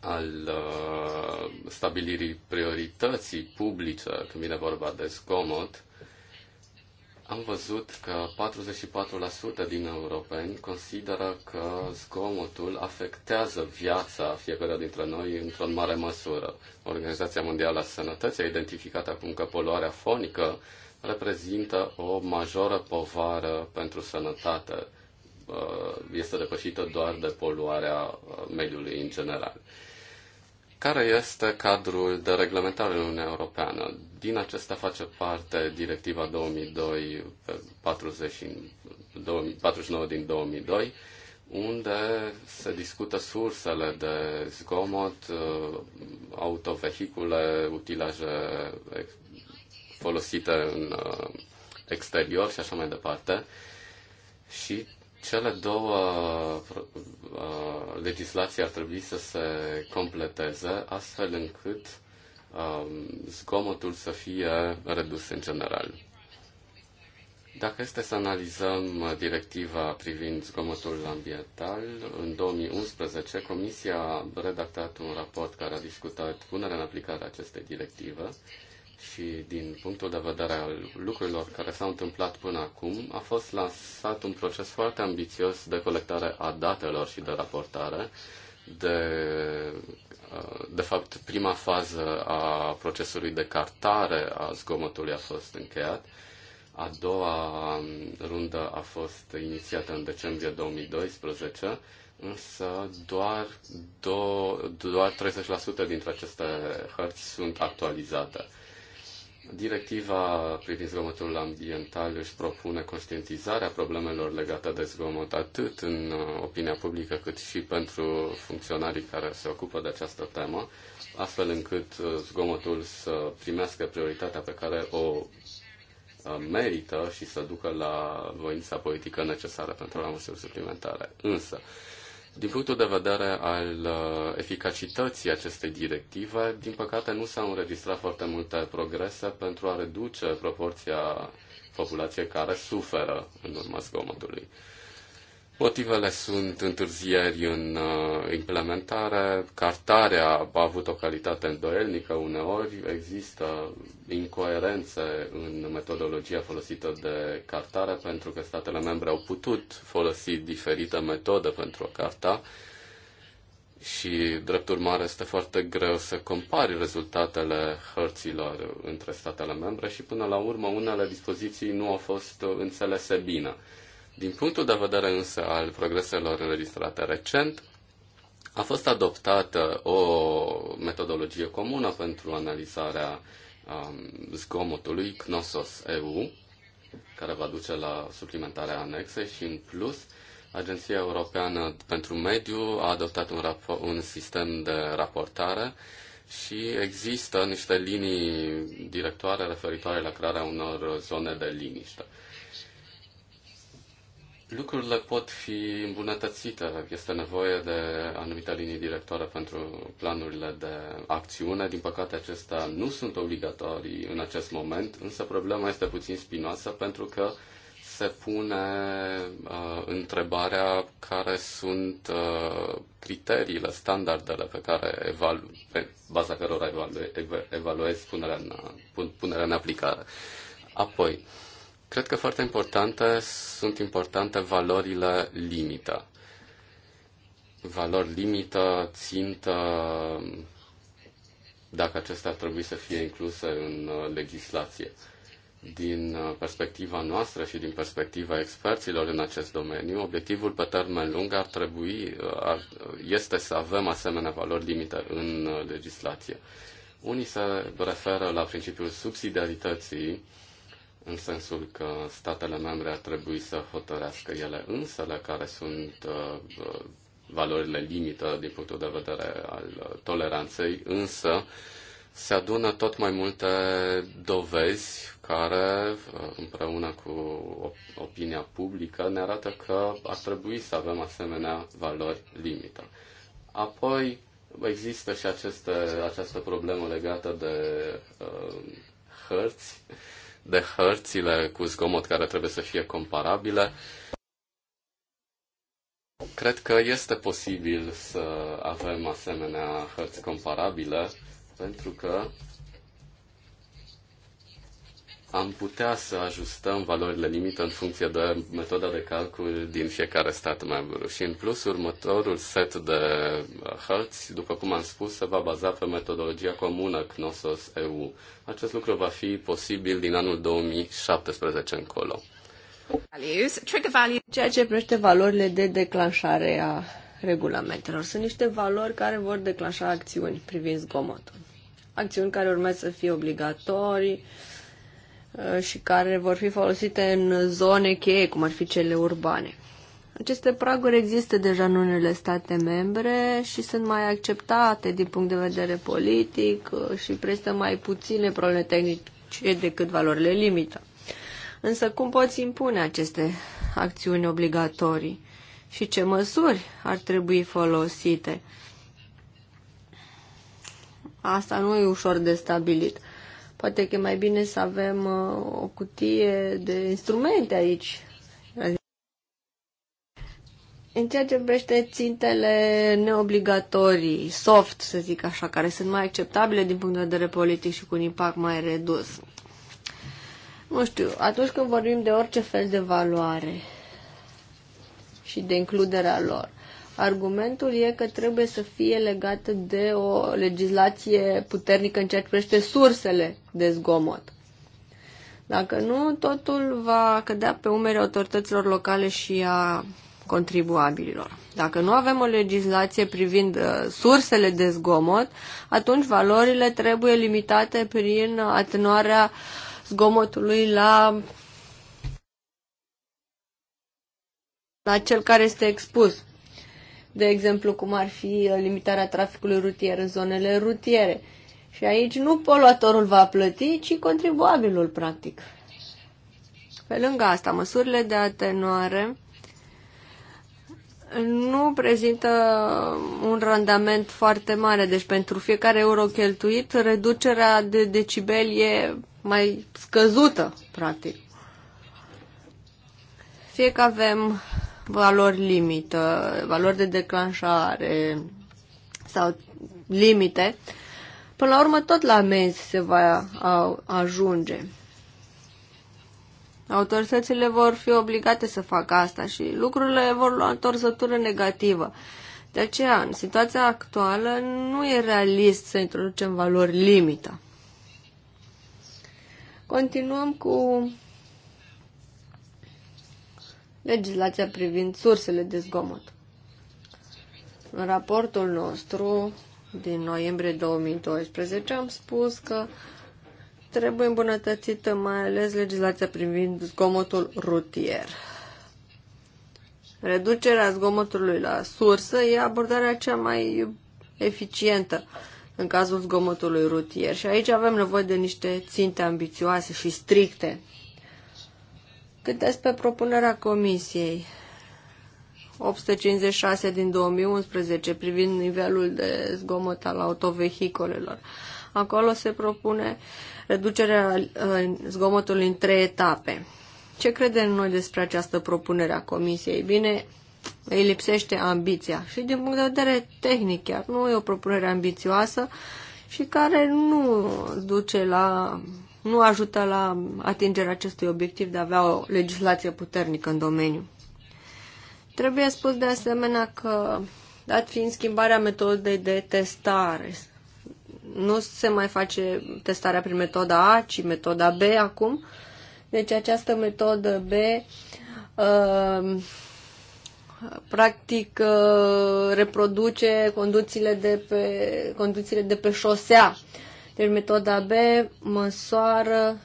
al uh, stabilirii priorității publice când vine vorba de zgomot, am văzut că 44% din europeni consideră că zgomotul afectează viața fiecăruia dintre noi într-o mare măsură. Organizația Mondială a Sănătății a identificat acum că poluarea fonică reprezintă o majoră povară pentru sănătate. Uh, este depășită doar de poluarea uh, mediului în general. Care este cadrul de reglementare în Uniunea Europeană? Din acesta face parte Directiva 2002, 40, 49 din 2002, unde se discută sursele de zgomot, uh, autovehicule, utilaje folosite în uh, exterior și așa mai departe. Și cele două uh, legislații ar trebui să se completeze astfel încât um, zgomotul să fie redus în general. Dacă este să analizăm directiva privind zgomotul ambiental, în 2011 Comisia a redactat un raport care a discutat punerea în aplicare a acestei directive și din punctul de vedere al lucrurilor care s-au întâmplat până acum, a fost lansat un proces foarte ambițios de colectare a datelor și de raportare. De, uh, de fapt, prima fază a procesului de cartare a zgomotului a fost încheiat. A doua um, rundă a fost inițiată în decembrie 2012, însă doar, do, doar 30% dintre aceste hărți sunt actualizate. Directiva privind zgomotul ambiental își propune conștientizarea problemelor legate de zgomot atât în uh, opinia publică cât și pentru funcționarii care se ocupă de această temă, astfel încât uh, zgomotul să primească prioritatea pe care o uh, merită și să ducă la voința politică necesară pentru la măsuri suplimentare. Însă, din punctul de vedere al uh, eficacității acestei directive, din păcate nu s-au înregistrat foarte multe progrese pentru a reduce proporția populației care suferă în urma zgomotului. Motivele sunt întârzieri în uh, implementare, cartarea a avut o calitate îndoielnică uneori, există incoerențe în metodologia folosită de cartare pentru că statele membre au putut folosi diferite metode pentru a carta și, drept urmare, este foarte greu să compari rezultatele hărților între statele membre și, până la urmă, unele dispoziții nu au fost înțelese bine. Din punctul de vedere însă al progreselor înregistrate recent, a fost adoptată o metodologie comună pentru analizarea um, zgomotului Knossos EU, care va duce la suplimentarea anexei și, în plus, Agenția Europeană pentru Mediu a adoptat un, un sistem de raportare și există niște linii directoare referitoare la crearea unor zone de liniște. Lucrurile pot fi îmbunătățite. Este nevoie de anumite linii directoare pentru planurile de acțiune. Din păcate, acestea nu sunt obligatorii în acest moment, însă problema este puțin spinoasă pentru că se pune uh, întrebarea care sunt uh, criteriile, standardele pe care evalu- pe baza cărora evalu- evaluezi punerea în, punerea în aplicare. Apoi, uh, Cred că foarte importante sunt importante valorile limită. Valori limită, țintă, dacă acestea ar trebui să fie incluse în uh, legislație. Din uh, perspectiva noastră și din perspectiva experților în acest domeniu, obiectivul pe termen lung ar trebui, uh, ar, este să avem asemenea valori limite în legislație. Unii se referă la principiul subsidiarității, în sensul că statele membre ar trebui să hotărească ele însele care sunt uh, valorile limită din punctul de vedere al uh, toleranței, însă se adună tot mai multe dovezi care, uh, împreună cu opinia publică, ne arată că ar trebui să avem asemenea valori limită. Apoi există și aceste, această problemă legată de uh, hărți. Uh, de hărțile cu zgomot care trebuie să fie comparabile. Cred că este posibil să avem asemenea hărți comparabile, pentru că am putea să ajustăm valorile limită în funcție de metoda de calcul din fiecare stat membru. Și în plus, următorul set de uh, hărți, după cum am spus, se va baza pe metodologia comună CNOSOS-EU. Acest lucru va fi posibil din anul 2017 încolo. Ceea ce prește valorile de declanșare a regulamentelor. Sunt niște valori care vor declanșa acțiuni privind zgomotul. Acțiuni care urmează să fie obligatorii, Uh, și care vor fi folosite în zone cheie, cum ar fi cele urbane. Aceste praguri există deja în unele state membre și sunt mai acceptate din punct de vedere politic uh, și prezintă mai puține probleme tehnice decât valorile limită. Însă cum poți impune aceste acțiuni obligatorii și ce măsuri ar trebui folosite? Asta nu e ușor de stabilit. Poate că e mai bine să avem uh, o cutie de instrumente aici. În ceea ce privește țintele neobligatorii, soft, să zic așa, care sunt mai acceptabile din punct de vedere politic și cu un impact mai redus. Nu știu, atunci când vorbim de orice fel de valoare și de includerea lor, Argumentul e că trebuie să fie legată de o legislație puternică în ceea ce privește sursele de zgomot. Dacă nu, totul va cădea pe umeri autorităților locale și a contribuabililor. Dacă nu avem o legislație privind uh, sursele de zgomot, atunci valorile trebuie limitate prin atenuarea zgomotului la la cel care este expus de exemplu cum ar fi uh, limitarea traficului rutier în zonele rutiere. Și aici nu poluatorul va plăti, ci contribuabilul, practic. Pe lângă asta, măsurile de atenuare nu prezintă un randament foarte mare, deci pentru fiecare euro cheltuit, reducerea de decibel e mai scăzută, practic. Fie că avem valori limită, valori de declanșare sau limite, până la urmă tot la amenzi se va ajunge. Autoritățile vor fi obligate să facă asta și lucrurile vor lua întorsătură negativă. De aceea, în situația actuală, nu e realist să introducem valori limită. Continuăm cu legislația privind sursele de zgomot. În raportul nostru din noiembrie 2012 am spus că trebuie îmbunătățită mai ales legislația privind zgomotul rutier. Reducerea zgomotului la sursă e abordarea cea mai eficientă în cazul zgomotului rutier și aici avem nevoie de niște ținte ambițioase și stricte cât despre propunerea Comisiei 856 din 2011 privind nivelul de zgomot al autovehicolelor, acolo se propune reducerea uh, zgomotului în trei etape. Ce credem noi despre această propunere a Comisiei? Bine, îi lipsește ambiția și din punct de vedere tehnic chiar nu e o propunere ambițioasă și care nu duce la nu ajută la atingerea acestui obiectiv de a avea o legislație puternică în domeniu. Trebuie spus de asemenea că, dat fiind schimbarea metodei de testare, nu se mai face testarea prin metoda A, ci metoda B acum. Deci această metodă B uh, practic uh, reproduce conduțiile de pe, conduțiile de pe șosea. Uh, iar deci metoda B măsoară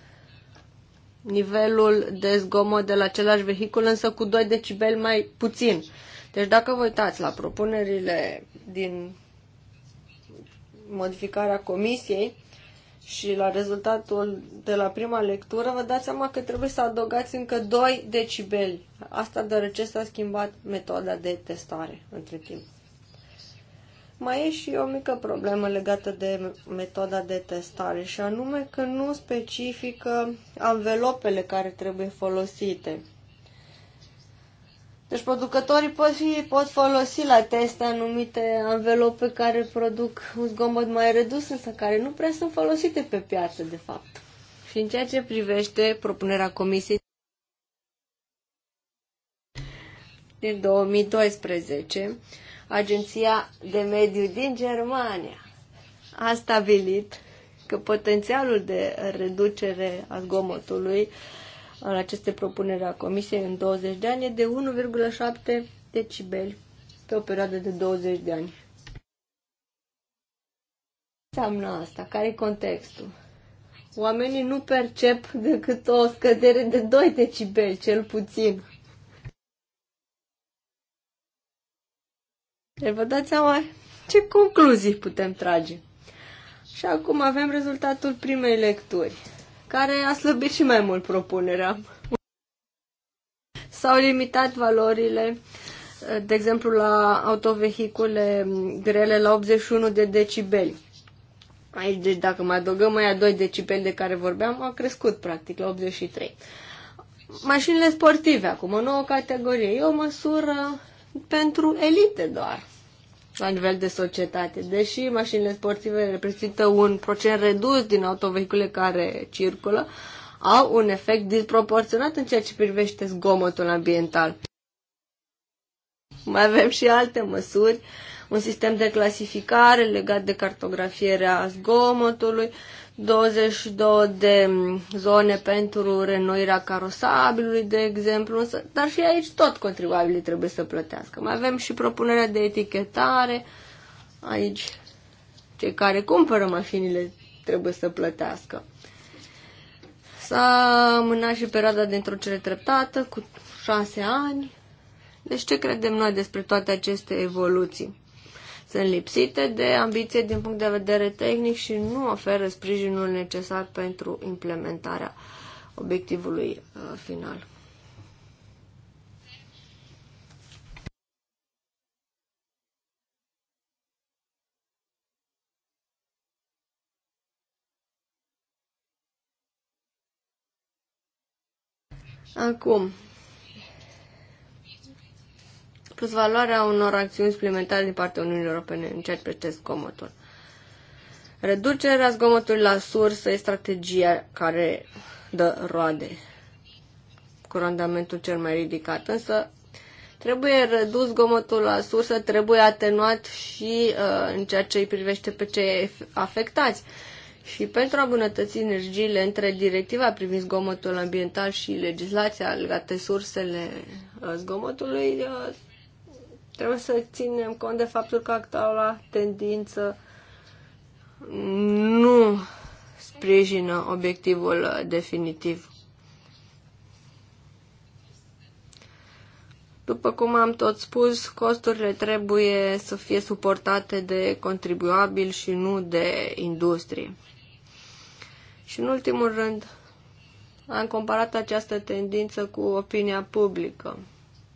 nivelul de zgomot de la același vehicul, însă cu 2 decibeli mai puțin. Deci dacă vă uitați la propunerile din modificarea comisiei și la rezultatul de la prima lectură, vă dați seama că trebuie să adăugați încă 2 decibeli. Asta deoarece s-a schimbat metoda de testare între timp. Mai e și o mică problemă legată de metoda de testare și anume că nu specifică anvelopele care trebuie folosite. Deci producătorii pot, fi, pot folosi la teste anumite anvelope care produc un zgomot mai redus, însă care nu prea sunt folosite pe piață, de fapt. Și în ceea ce privește propunerea comisiei din 2012, Agenția de Mediu din Germania a stabilit că potențialul de reducere a zgomotului în aceste propuneri a Comisiei în 20 de ani e de 1,7 decibeli pe o perioadă de 20 de ani. Înseamnă asta? care e contextul? Oamenii nu percep decât o scădere de 2 decibeli, cel puțin. Deci vă dați seama ce concluzii putem trage. Și acum avem rezultatul primei lecturi, care a slăbit și mai mult propunerea. S-au limitat valorile, de exemplu, la autovehicule grele la 81 de decibeli. Aici, deci, dacă mai adăugăm mai 2 decibeli de care vorbeam, a crescut, practic, la 83. Mașinile sportive, acum, o nouă categorie. E o măsură pentru elite doar la nivel de societate. Deși mașinile sportive reprezintă un procent redus din autovehicule care circulă, au un efect disproporționat în ceea ce privește zgomotul ambiental. Mai avem și alte măsuri, un sistem de clasificare legat de cartografierea zgomotului, 22 de mm, zone pentru renoirea carosabilului, de exemplu, însă, dar și aici tot contribuabilii trebuie să plătească. Mai avem și propunerea de etichetare, aici cei care cumpără mașinile trebuie să plătească. S-a amânat și perioada de introducere treptată cu 6 ani. Deci ce credem noi despre toate aceste evoluții? sunt lipsite de ambiție din punct de vedere tehnic și nu oferă sprijinul necesar pentru implementarea obiectivului uh, final. Acum, plus valoarea unor acțiuni suplimentare din partea Uniunii Europene în ceea ce privește zgomotul. Reducerea zgomotului la sursă e strategia care dă roade cu randamentul cel mai ridicat, însă trebuie redus zgomotul la sursă, trebuie atenuat și uh, în ceea ce îi privește pe cei afectați. Și pentru a bunătăți energiile între directiva privind zgomotul ambiental și legislația legată sursele uh, zgomotului, uh, Trebuie să ținem cont de faptul că actuala tendință nu sprijină obiectivul definitiv. După cum am tot spus, costurile trebuie să fie suportate de contribuabil și nu de industrie. Și în ultimul rând, am comparat această tendință cu opinia publică,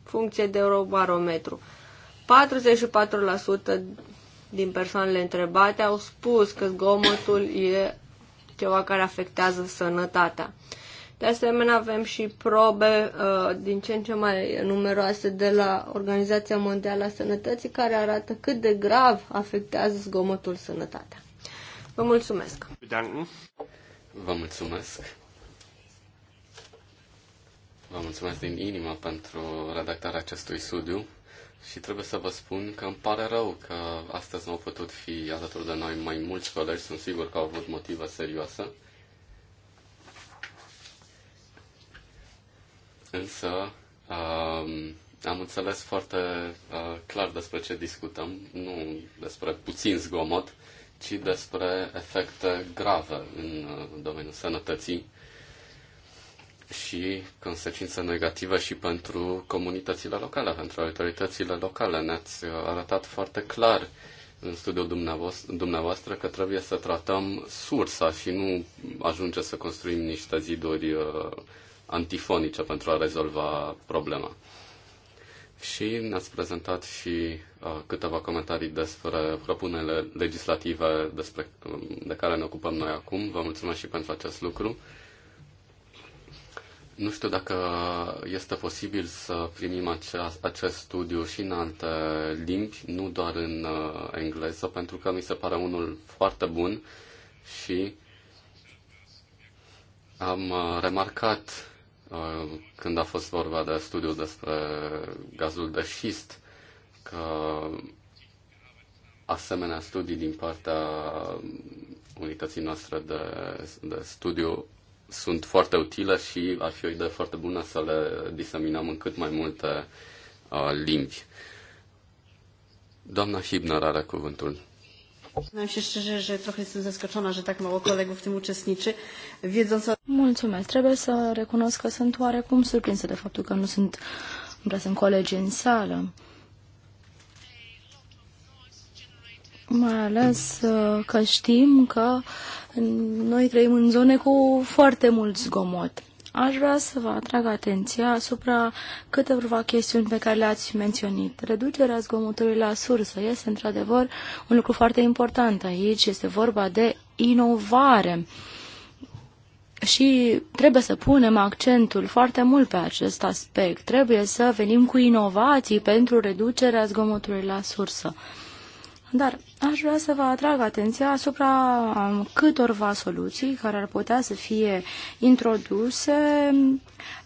funcție de eurobarometru. 44% din persoanele întrebate au spus că zgomotul e ceva care afectează sănătatea. De asemenea, avem și probe uh, din ce în ce mai numeroase de la Organizația Mondială a Sănătății care arată cât de grav afectează zgomotul sănătatea. Vă mulțumesc! Vă mulțumesc! Vă mulțumesc din inimă pentru redactarea acestui studiu. Și trebuie să vă spun că îmi pare rău că astăzi nu au putut fi alături de noi mai mulți colegi. Sunt sigur că au avut motivă serioasă. Însă um, am înțeles foarte uh, clar despre ce discutăm, nu despre puțin zgomot, ci despre efecte grave în uh, domeniul sănătății și consecință negativă și pentru comunitățile locale, pentru autoritățile locale. Ne-ați uh, arătat foarte clar în studiul dumneavoastră, dumneavoastră că trebuie să tratăm sursa și nu ajunge să construim niște ziduri uh, antifonice pentru a rezolva problema. Și ne-ați prezentat și uh, câteva comentarii despre propunerile legislative despre, um, de care ne ocupăm noi acum. Vă mulțumesc și pentru acest lucru. Nu știu dacă este posibil să primim acest, acest studiu și în alte limbi, nu doar în uh, engleză, pentru că mi se pare unul foarte bun și am uh, remarcat uh, când a fost vorba de studiul despre gazul de șist că asemenea studii din partea unității noastre de, de studiu sunt foarte utile și ar fi o idee foarte bună să le diseminăm în cât mai multe uh, limbi. Doamna Hibner are cuvântul. Znam się szczerze, că, trochę jestem zaskoczona, że tak mało kolegów w tym uczestniczy. Wiedząc o... Mulțumesc. Trebuie să recunosc că sunt oarecum surprinsă de faptul că nu sunt, nu prea sunt colegi în sală. mai ales uh, că știm că noi trăim în zone cu foarte mult zgomot. Aș vrea să vă atrag atenția asupra câteva chestiuni pe care le-ați menționat. Reducerea zgomotului la sursă este într-adevăr un lucru foarte important aici. Este vorba de inovare și trebuie să punem accentul foarte mult pe acest aspect. Trebuie să venim cu inovații pentru reducerea zgomotului la sursă. Dar aș vrea să vă atrag atenția asupra um, câtorva soluții care ar putea să fie introduse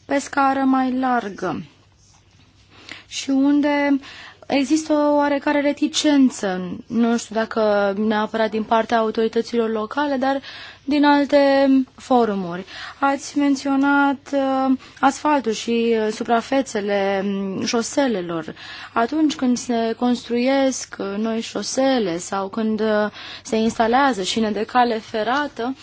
pe scară mai largă și unde există o oarecare reticență, nu știu dacă neapărat din partea autorităților locale, dar din alte forumuri. Ați menționat uh, asfaltul și uh, suprafețele mm, șoselelor. Atunci când se construiesc uh, noi șosele sau când se instalează șine de cale ferată,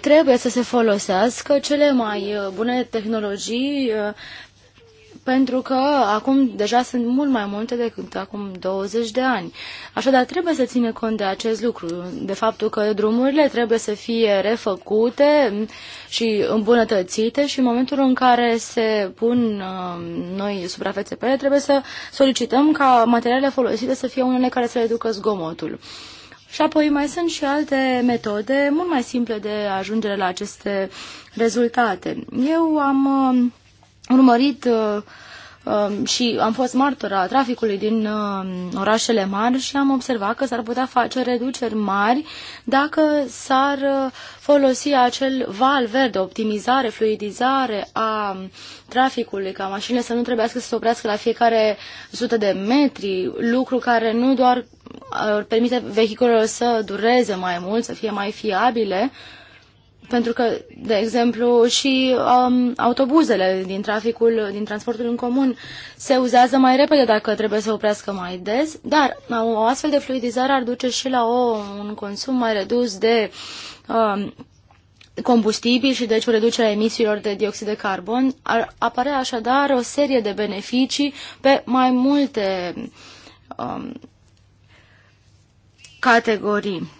trebuie să se folosească cele mai bune tehnologii pentru că acum deja sunt mult mai multe decât acum 20 de ani. Așadar, trebuie să ține cont de acest lucru, de faptul că drumurile trebuie să fie refăcute și îmbunătățite și în momentul în care se pun um, noi suprafețe pe ele, trebuie să solicităm ca materialele folosite să fie unele care să le ducă zgomotul. Și apoi mai sunt și alte metode mult mai simple de ajungere la aceste rezultate. Eu am um, urmărit uh, um, și am fost martor martora traficului din um, orașele mari și am observat că s-ar putea face reduceri mari dacă s-ar uh, folosi acel val verde, optimizare, fluidizare a um, traficului, ca mașinile să nu trebuiască să se oprească la fiecare sută de metri, lucru care nu doar uh, permite vehiculelor să dureze mai mult, să fie mai fiabile, pentru că, de exemplu, și um, autobuzele din traficul, din transportul în comun se uzează mai repede dacă trebuie să oprească mai des, dar um, o astfel de fluidizare ar duce și la o, un consum mai redus de um, combustibil și deci o reducere a emisiilor de dioxid de carbon. Ar apare așadar o serie de beneficii pe mai multe um, categorii.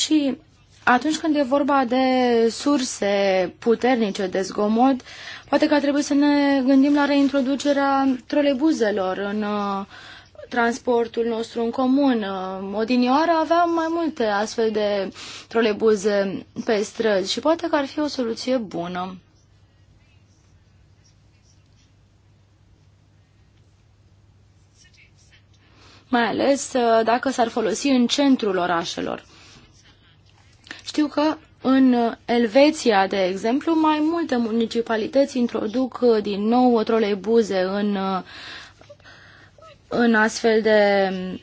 Și atunci când e vorba de surse puternice de zgomot, poate că trebuie să ne gândim la reintroducerea trolebuzelor în uh, transportul nostru în comun. Uh, odinioară aveam mai multe astfel de trolebuze pe străzi și poate că ar fi o soluție bună. Mai ales uh, dacă s-ar folosi în centrul orașelor. Știu că în Elveția, de exemplu, mai multe municipalități introduc uh, din nou troleibuze în, uh, în astfel de um,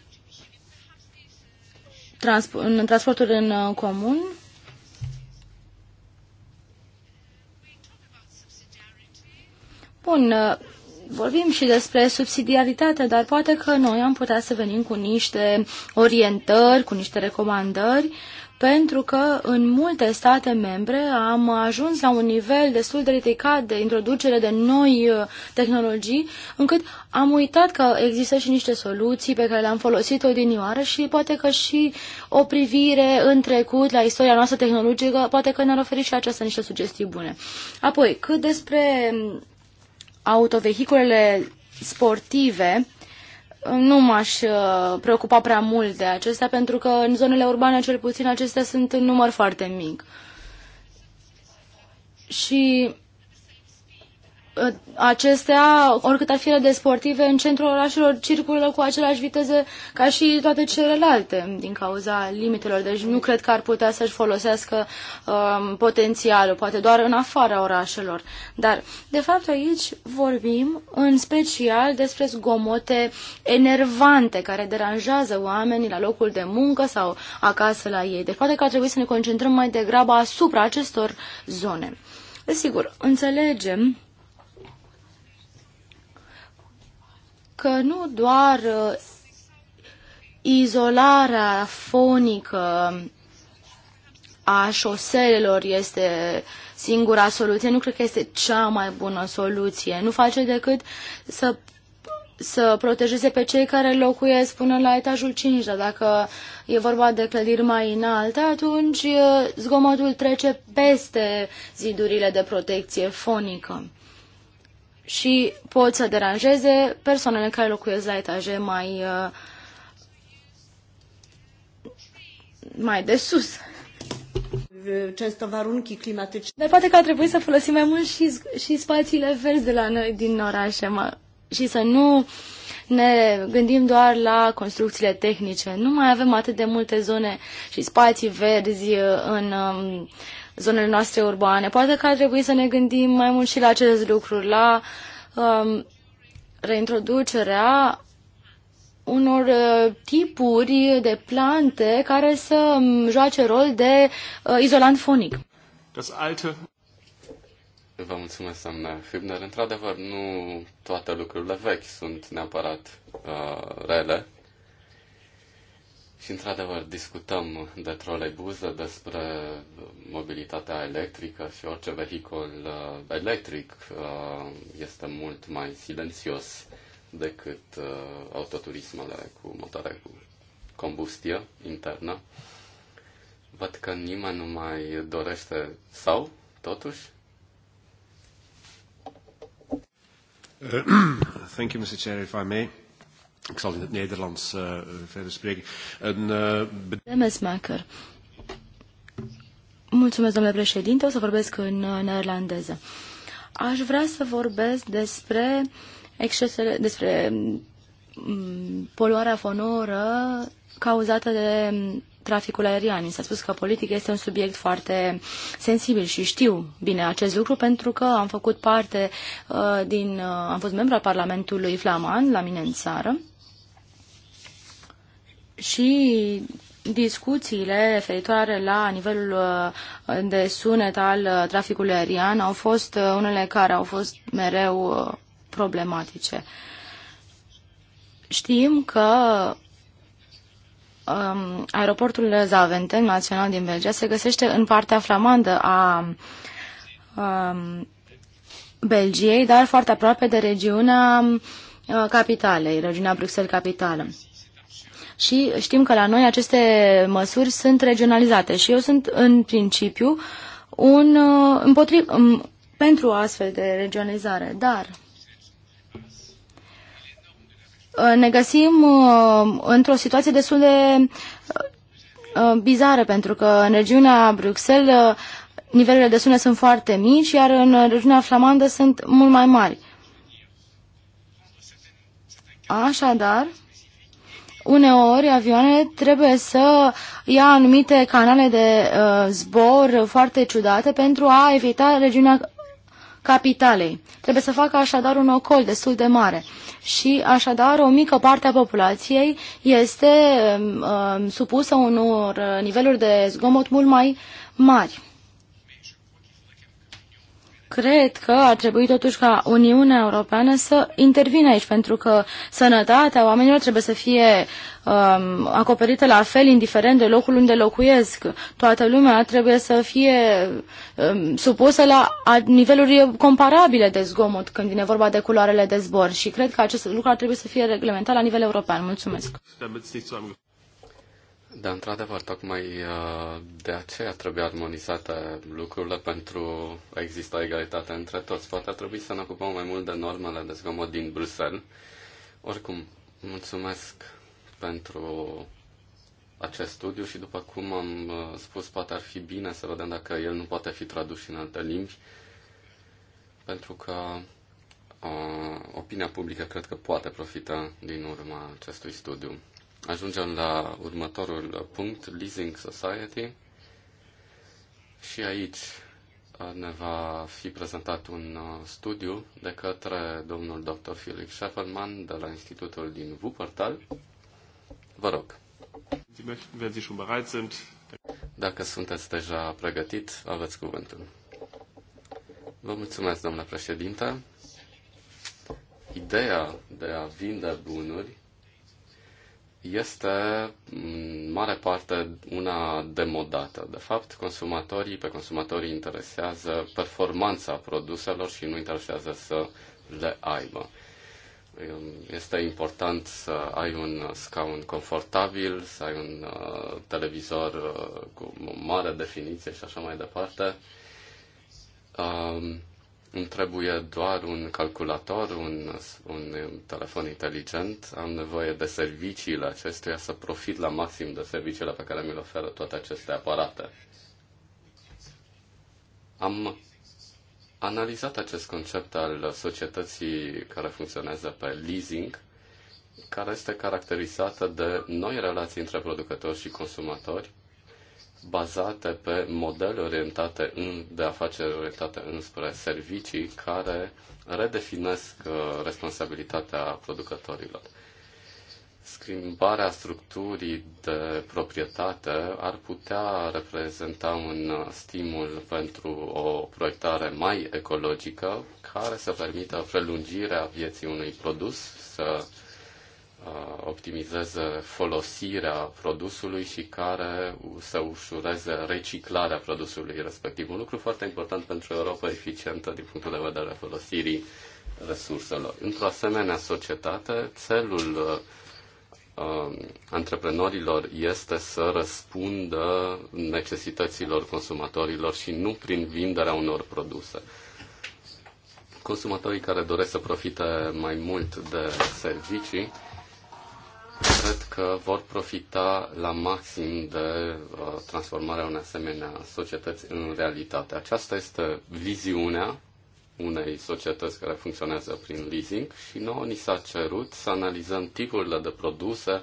trans, în transporturi în uh, comun. Bun, vorbim și despre subsidiaritate, dar poate că noi am putea să venim cu niște orientări, cu niște recomandări pentru că în multe state membre am ajuns la un nivel destul de ridicat de introducere de noi uh, tehnologii, încât am uitat că există și niște soluții pe care le-am folosit odinioară și poate că și o privire în trecut la istoria noastră tehnologică, poate că ne-ar oferi și aceasta niște sugestii bune. Apoi, cât despre autovehiculele sportive, nu m-aș uh, preocupa prea mult de acestea, pentru că în zonele urbane, cel puțin, acestea sunt în număr foarte mic. Și acestea, oricât ar fi de sportive, în centrul orașelor circulă cu aceleași viteze ca și toate celelalte din cauza limitelor. Deci nu cred că ar putea să-și folosească um, potențialul, poate doar în afara orașelor. Dar, de fapt, aici vorbim în special despre zgomote enervante care deranjează oamenii la locul de muncă sau acasă la ei. Deci poate că ar trebui să ne concentrăm mai degrabă asupra acestor zone. Desigur, înțelegem că nu doar uh, izolarea fonică a șoselelor este singura soluție. Nu cred că este cea mai bună soluție. Nu face decât să să protejeze pe cei care locuiesc până la etajul 5, dar dacă e vorba de clădiri mai înalte, atunci uh, zgomotul trece peste zidurile de protecție fonică și pot să deranjeze persoanele care locuiesc la etaje mai, uh, mai de sus. Dar poate că ar trebui să folosim mai mult și, și spațiile verzi de la noi din orașe și să nu ne gândim doar la construcțiile tehnice. Nu mai avem atât de multe zone și spații verzi uh, în um, zonele noastre urbane. Poate că ar trebui să ne gândim mai mult și la acest lucru, la um, reintroducerea unor uh, tipuri de plante care să um, joace rol de uh, izolant fonic. Das alte Vă mulțumesc, doamna Hübner. Într-adevăr, nu toate lucrurile vechi sunt neapărat uh, rele. Și deci, într-adevăr discutăm de troleibuză, despre mobilitatea electrică și orice vehicul uh, electric uh, este mult mai silențios decât uh, autoturismele cu motoare cu combustie internă. Văd că nimeni nu mai dorește sau, totuși. Thank you, Mr. Chair, if I may. Ik zal in het Nederlands uh, verder spreken. Een, uh, Mulțumesc, domnule președinte. O să vorbesc în eh, neerlandeză. Aș vrea să vorbesc despre excesele, despre mm, poluarea fonoră cauzată de mm, traficul aerian. Mi s-a spus că politica este un subiect foarte sensibil și știu bine acest lucru pentru că am făcut parte uh, din, uh, am fost membru al Parlamentului Flaman la mine în țară și discuțiile referitoare la nivelul uh, de sunet al uh, traficului aerian au fost uh, unele care au fost mereu problematice. Știm că um, aeroportul Zaventem, național din Belgia, se găsește în partea flamandă a um, Belgiei, dar foarte aproape de regiunea uh, capitalei, regiunea Bruxelles capitală și știm că la noi aceste măsuri sunt regionalizate și eu sunt în principiu un uh, împotriv, um, pentru astfel de regionalizare, dar uh, ne găsim uh, într-o situație destul de bizară, pentru că în regiunea Bruxelles nivelurile de sună sunt foarte mici, iar în regiunea flamandă sunt mult mai mari. Așadar, uneori avioanele trebuie să ia anumite canale de uh, zbor foarte ciudate pentru a evita regiunea capitalei. Trebuie să facă așadar un ocol destul de mare și așadar o mică parte a populației este um, uh, supusă unor uh, niveluri de zgomot mult mai mari. Cred că ar trebui totuși ca Uniunea Europeană să intervină aici, pentru că sănătatea oamenilor trebuie să fie um, acoperită la fel, indiferent de locul unde locuiesc. Toată lumea trebuie să fie um, supusă la niveluri comparabile de zgomot când vine vorba de culoarele de zbor și cred că acest lucru ar trebui să fie reglementat la nivel european. Mulțumesc! Da, într-adevăr, tocmai uh, de aceea trebuie armonizate lucrurile pentru a exista egalitate între toți. Poate ar trebui să ne ocupăm mai mult de normele de zgomot din Bruxelles. Oricum, mulțumesc pentru acest studiu și după cum am uh, spus, poate ar fi bine să vedem dacă el nu poate fi tradus în alte limbi, pentru că uh, opinia publică cred că poate profita din urma acestui studiu. Ajungem la următorul punct, Leasing Society. Și aici ne va fi prezentat un uh, studiu de către domnul dr. Felix Schaffelmann de la Institutul din Wuppertal. Vă rog. Dacă sunteți deja pregătit, aveți cuvântul. Vă mulțumesc, domnule președinte. Ideea de a vinde bunuri este în mare parte una demodată. De fapt, consumatorii, pe consumatorii interesează performanța produselor și nu interesează să le aibă. Este important să ai un scaun confortabil, să ai un uh, televizor uh, cu mare definiție și așa mai departe. Um, îmi trebuie doar un calculator, un, un telefon inteligent. Am nevoie de serviciile acestuia să profit la maxim de serviciile pe care mi le oferă toate aceste aparate. Am analizat acest concept al societății care funcționează pe leasing, care este caracterizată de noi relații între producători și consumatori, bazate pe modele orientate în, de afaceri orientate înspre servicii care redefinesc uh, responsabilitatea producătorilor. Schimbarea structurii de proprietate ar putea reprezenta un uh, stimul pentru o proiectare mai ecologică care să permită prelungirea vieții unui produs, să Uh, optimizeze folosirea produsului și care să ușureze reciclarea produsului respectiv. Un lucru foarte important pentru Europa eficientă din punctul de vedere al folosirii resurselor. Într-o asemenea societate, țelul uh, uh antreprenorilor este să răspundă necesităților consumatorilor și nu prin vinderea unor produse consumatorii care doresc să profite mai mult de servicii cred că vor profita la maxim de uh, transformarea unei asemenea societăți în realitate. Aceasta este viziunea unei societăți care funcționează prin leasing și nouă ni s-a cerut să analizăm tipurile de produse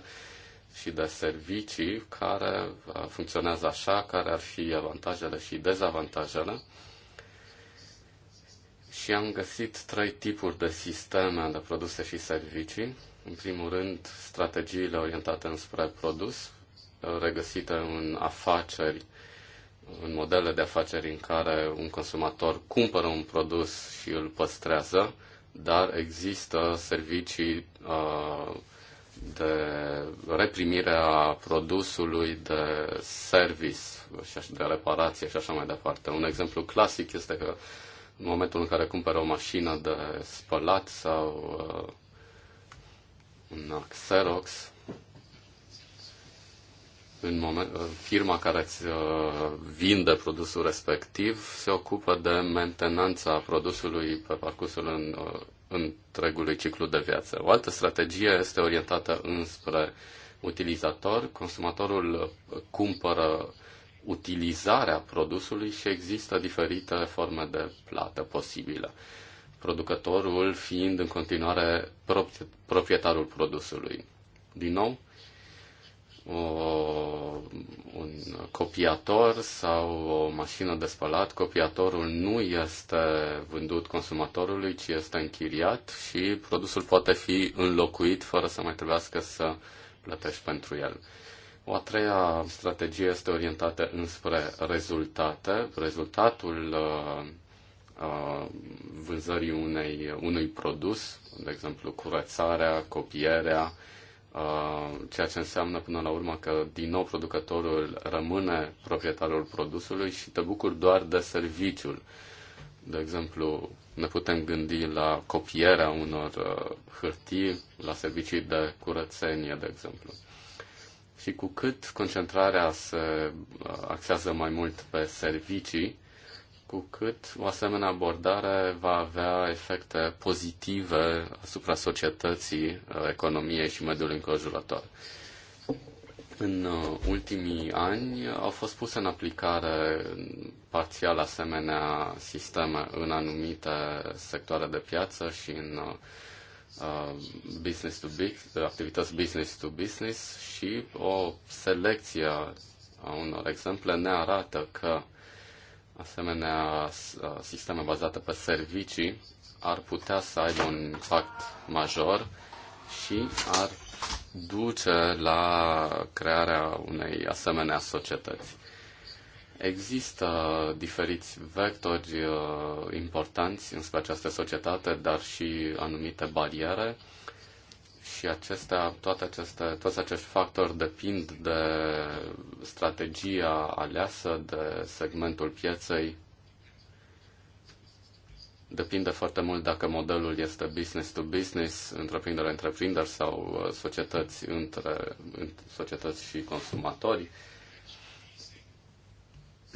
și de servicii care uh, funcționează așa, care ar fi avantajele și dezavantajele. Și am găsit trei tipuri de sisteme de produse și servicii în primul rând, strategiile orientate înspre produs, uh, regăsite în afaceri, în modele de afaceri în care un consumator cumpără un produs și îl păstrează, dar există servicii uh, de reprimire a produsului, de service, și de reparație și așa mai departe. Un exemplu clasic este că în momentul în care cumpără o mașină de spălat sau uh, un Xerox, în moment, firma care îți uh, vinde produsul respectiv se ocupă de mentenanța produsului pe parcursul în, uh, întregului ciclu de viață. O altă strategie este orientată înspre utilizator. Consumatorul cumpără utilizarea produsului și există diferite forme de plată posibilă producătorul fiind în continuare proprietarul produsului. Din nou, o, un copiator sau o mașină de spălat, copiatorul nu este vândut consumatorului, ci este închiriat și produsul poate fi înlocuit fără să mai trebuiască să plătești pentru el. O a treia strategie este orientată înspre rezultate. Rezultatul uh, vânzării unei, unui produs, de exemplu curățarea, copierea, ceea ce înseamnă până la urmă că din nou producătorul rămâne proprietarul produsului și te bucuri doar de serviciul. De exemplu, ne putem gândi la copierea unor hârtii, la servicii de curățenie, de exemplu. Și cu cât concentrarea se axează mai mult pe servicii, cu cât o asemenea abordare va avea efecte pozitive asupra societății, uh, economiei și mediului înconjurător. În uh, ultimii ani au fost puse în aplicare parțial asemenea sisteme în anumite sectoare de piață și în uh, business to business, activități business to business și o selecție a unor exemple ne arată că asemenea uh, sisteme bazate pe servicii ar putea să aibă un impact major și ar duce la crearea unei asemenea societăți. Există diferiți vectori uh, importanți înspre această societate, dar și anumite bariere și acestea, toate aceste, toți acești factori depind de strategia aleasă, de segmentul pieței. Depinde foarte mult dacă modelul este business to business, întreprindere întreprinderi sau uh, societăți între societăți și consumatori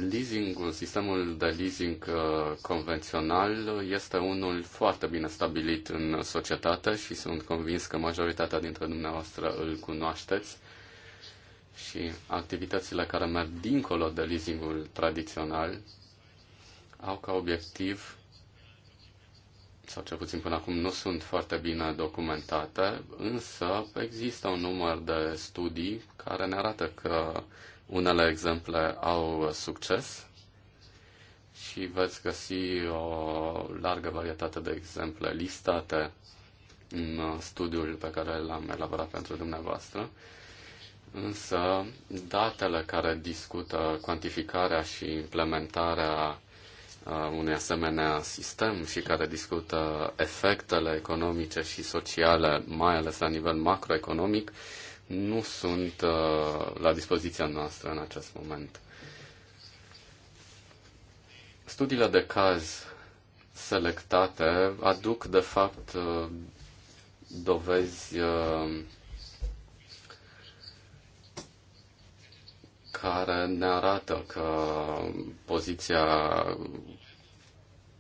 Leasingul, sistemul de leasing uh, convențional uh, este unul foarte bine stabilit în societate și sunt convins că majoritatea dintre dumneavoastră îl cunoașteți și activitățile care merg dincolo de leasingul tradițional au ca obiectiv sau cel puțin până acum nu sunt foarte bine documentate, însă există un număr de studii care ne arată că unele exemple au succes și veți găsi o largă varietate de exemple listate în studiul pe care l-am elaborat pentru dumneavoastră. Însă, datele care discută cuantificarea și implementarea uh, unui asemenea sistem și care discută efectele economice și sociale, mai ales la nivel macroeconomic, nu sunt uh, la dispoziția noastră în acest moment. Studiile de caz selectate aduc, de fapt, uh, dovezi uh, care ne arată că poziția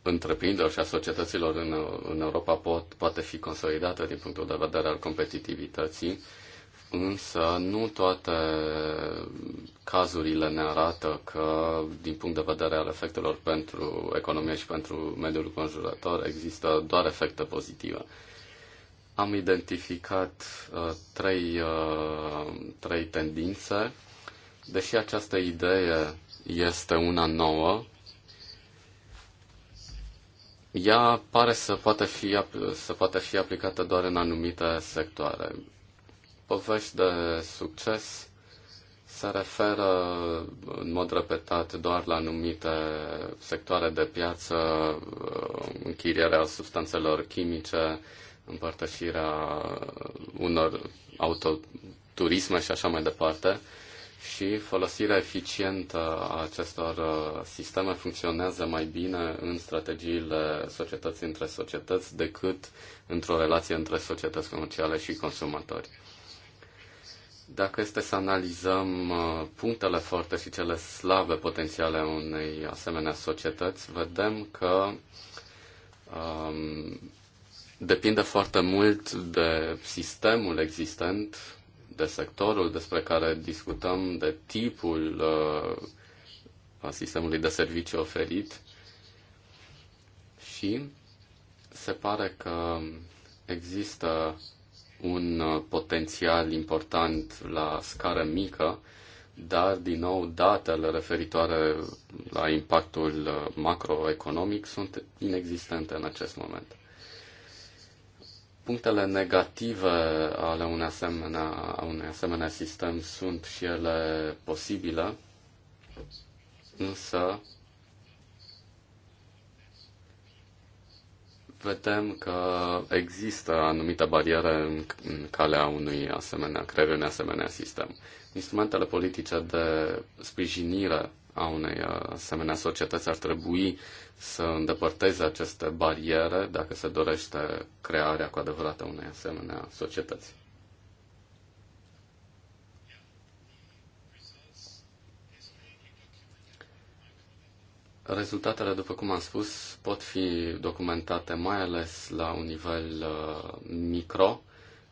întreprinderilor și a societăților în, în Europa pot, poate fi consolidată din punctul de vedere al competitivității Însă nu toate cazurile ne arată că, din punct de vedere al efectelor pentru economie și pentru mediul conjurător, există doar efecte pozitive. Am identificat uh, trei, uh, trei tendințe. Deși această idee este una nouă, ea pare să poate fi, să poate fi aplicată doar în anumite sectoare povești de succes se referă în mod repetat doar la anumite sectoare de piață, închirierea substanțelor chimice, împărtășirea unor autoturisme și așa mai departe. Și folosirea eficientă a acestor uh, sisteme funcționează mai bine în strategiile societății între societăți decât într-o relație între societăți comerciale și consumatori. Dacă este să analizăm uh, punctele forte și cele slabe potențiale unei asemenea societăți, vedem că um, depinde foarte mult de sistemul existent, de sectorul despre care discutăm, de tipul uh, sistemului de servicii oferit și se pare că există un uh, potențial important la scară mică, dar, din nou, datele referitoare la impactul uh, macroeconomic sunt inexistente în acest moment. Punctele negative ale unei asemenea, a unei asemenea sistem sunt și ele posibile, însă vedem că există anumite bariere în, în calea unui asemenea, creierii unui asemenea sistem. Instrumentele politice de sprijinire a unei asemenea societăți ar trebui să îndepărteze aceste bariere dacă se dorește crearea cu adevărat a unei asemenea societăți. Rezultatele, după cum am spus, pot fi documentate mai ales la un nivel uh, micro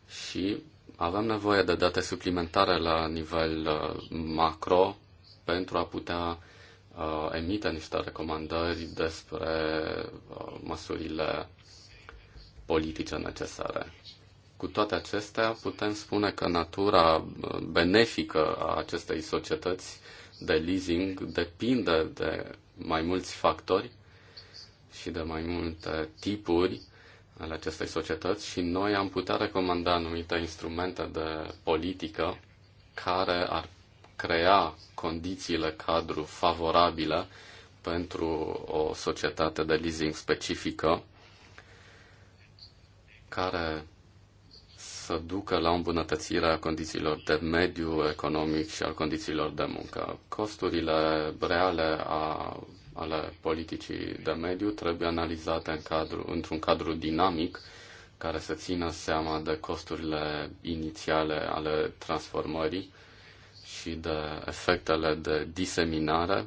și avem nevoie de date suplimentare la nivel uh, macro pentru a putea uh, emite niște recomandări despre uh, măsurile politice necesare. Cu toate acestea, putem spune că natura uh, benefică a acestei societăți uh, de leasing depinde de mai mulți factori și de mai multe tipuri ale acestei societăți și noi am putea recomanda anumite instrumente de politică care ar crea condițiile cadru favorabile pentru o societate de leasing specifică care să ducă la îmbunătățirea condițiilor de mediu economic și al condițiilor de muncă. Costurile reale a, ale politicii de mediu trebuie analizate în cadru, într-un cadru dinamic care să țină seama de costurile inițiale ale transformării și de efectele de diseminare,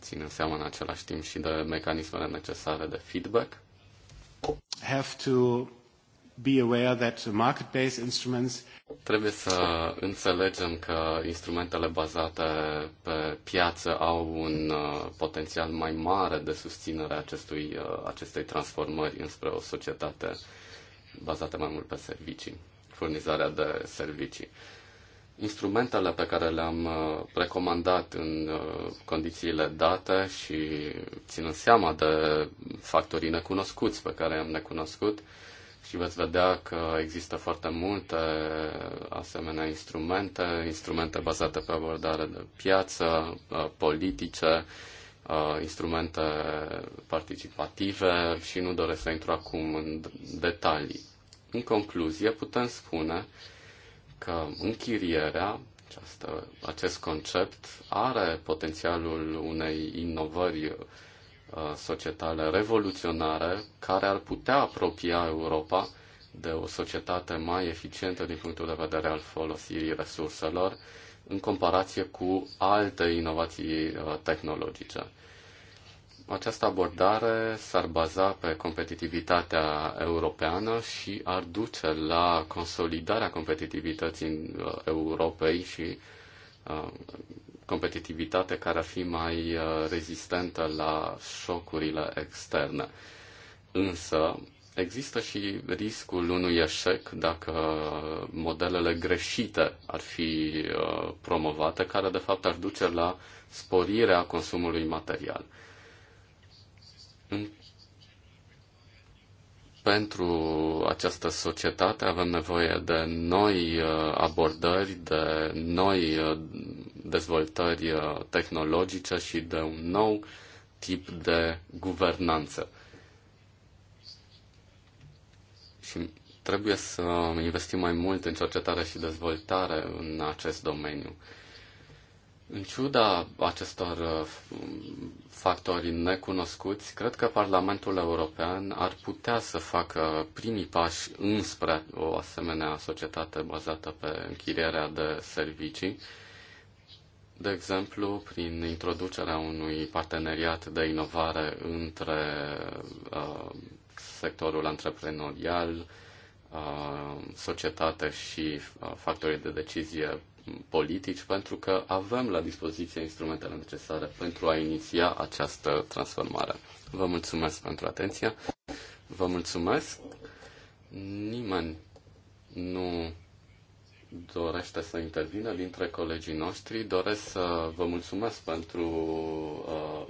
ținând seama în același timp și de mecanismele necesare de feedback. Have to be aware that market-based instruments Trebuie să înțelegem că instrumentele bazate pe piață au un uh, potențial mai mare de susținere acestui, uh, acestei transformări înspre o societate bazată mai mult pe servicii, furnizarea de servicii. Instrumentele pe care le-am uh, recomandat în condițiile date și ținând seama de factorii necunoscuți pe care am necunoscut, și veți vedea că există foarte multe asemenea instrumente, instrumente bazate pe abordare de piață, uh, politice, uh, instrumente participative și nu doresc să intru acum în detalii. În concluzie, putem spune că închirierea, această, acest concept, are potențialul unei inovări Uh, societale revoluționare care ar putea apropia Europa de o societate mai eficientă din punctul de vedere al folosirii resurselor în comparație cu alte inovații uh, tehnologice. Această abordare s-ar baza pe competitivitatea europeană și ar duce la consolidarea competitivității uh, Europei și competitivitate care ar fi mai uh, rezistentă la șocurile externe. Însă, există și riscul unui eșec dacă modelele greșite ar fi uh, promovate, care de fapt ar duce la sporirea consumului material. Pentru această societate avem nevoie de noi uh, abordări, de noi dezvoltări uh, tehnologice și de un nou tip de guvernanță. Și trebuie să investim mai mult în cercetare și dezvoltare în acest domeniu. În ciuda acestor uh, factori necunoscuți, cred că Parlamentul European ar putea să facă primii pași înspre o asemenea societate bazată pe închirierea de servicii de exemplu, prin introducerea unui parteneriat de inovare între uh, sectorul antreprenorial, uh, societate și uh, factorii de decizie politici, pentru că avem la dispoziție instrumentele necesare pentru a iniția această transformare. Vă mulțumesc pentru atenție. Vă mulțumesc. Nimeni nu dorește să intervină dintre colegii noștri. Doresc să vă mulțumesc pentru uh,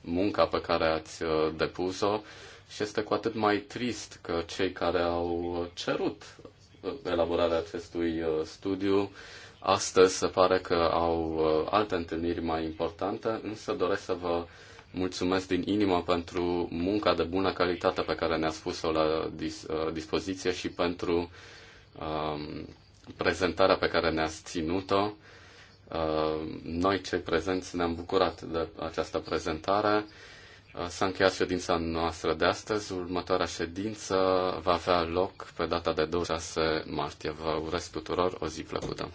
munca pe care ați uh, depus-o și este cu atât mai trist că cei care au cerut uh, elaborarea acestui uh, studiu astăzi se pare că au uh, alte întâlniri mai importante, însă doresc să vă mulțumesc din inimă pentru munca de bună calitate pe care ne-a spus-o la dis- uh, dispoziție și pentru um, prezentarea pe care ne-ați ținut-o. Uh, noi, cei prezenți, ne-am bucurat de această prezentare. Uh, s-a încheiat ședința noastră de astăzi. Următoarea ședință va avea loc pe data de 26 martie. Vă urez tuturor o zi plăcută!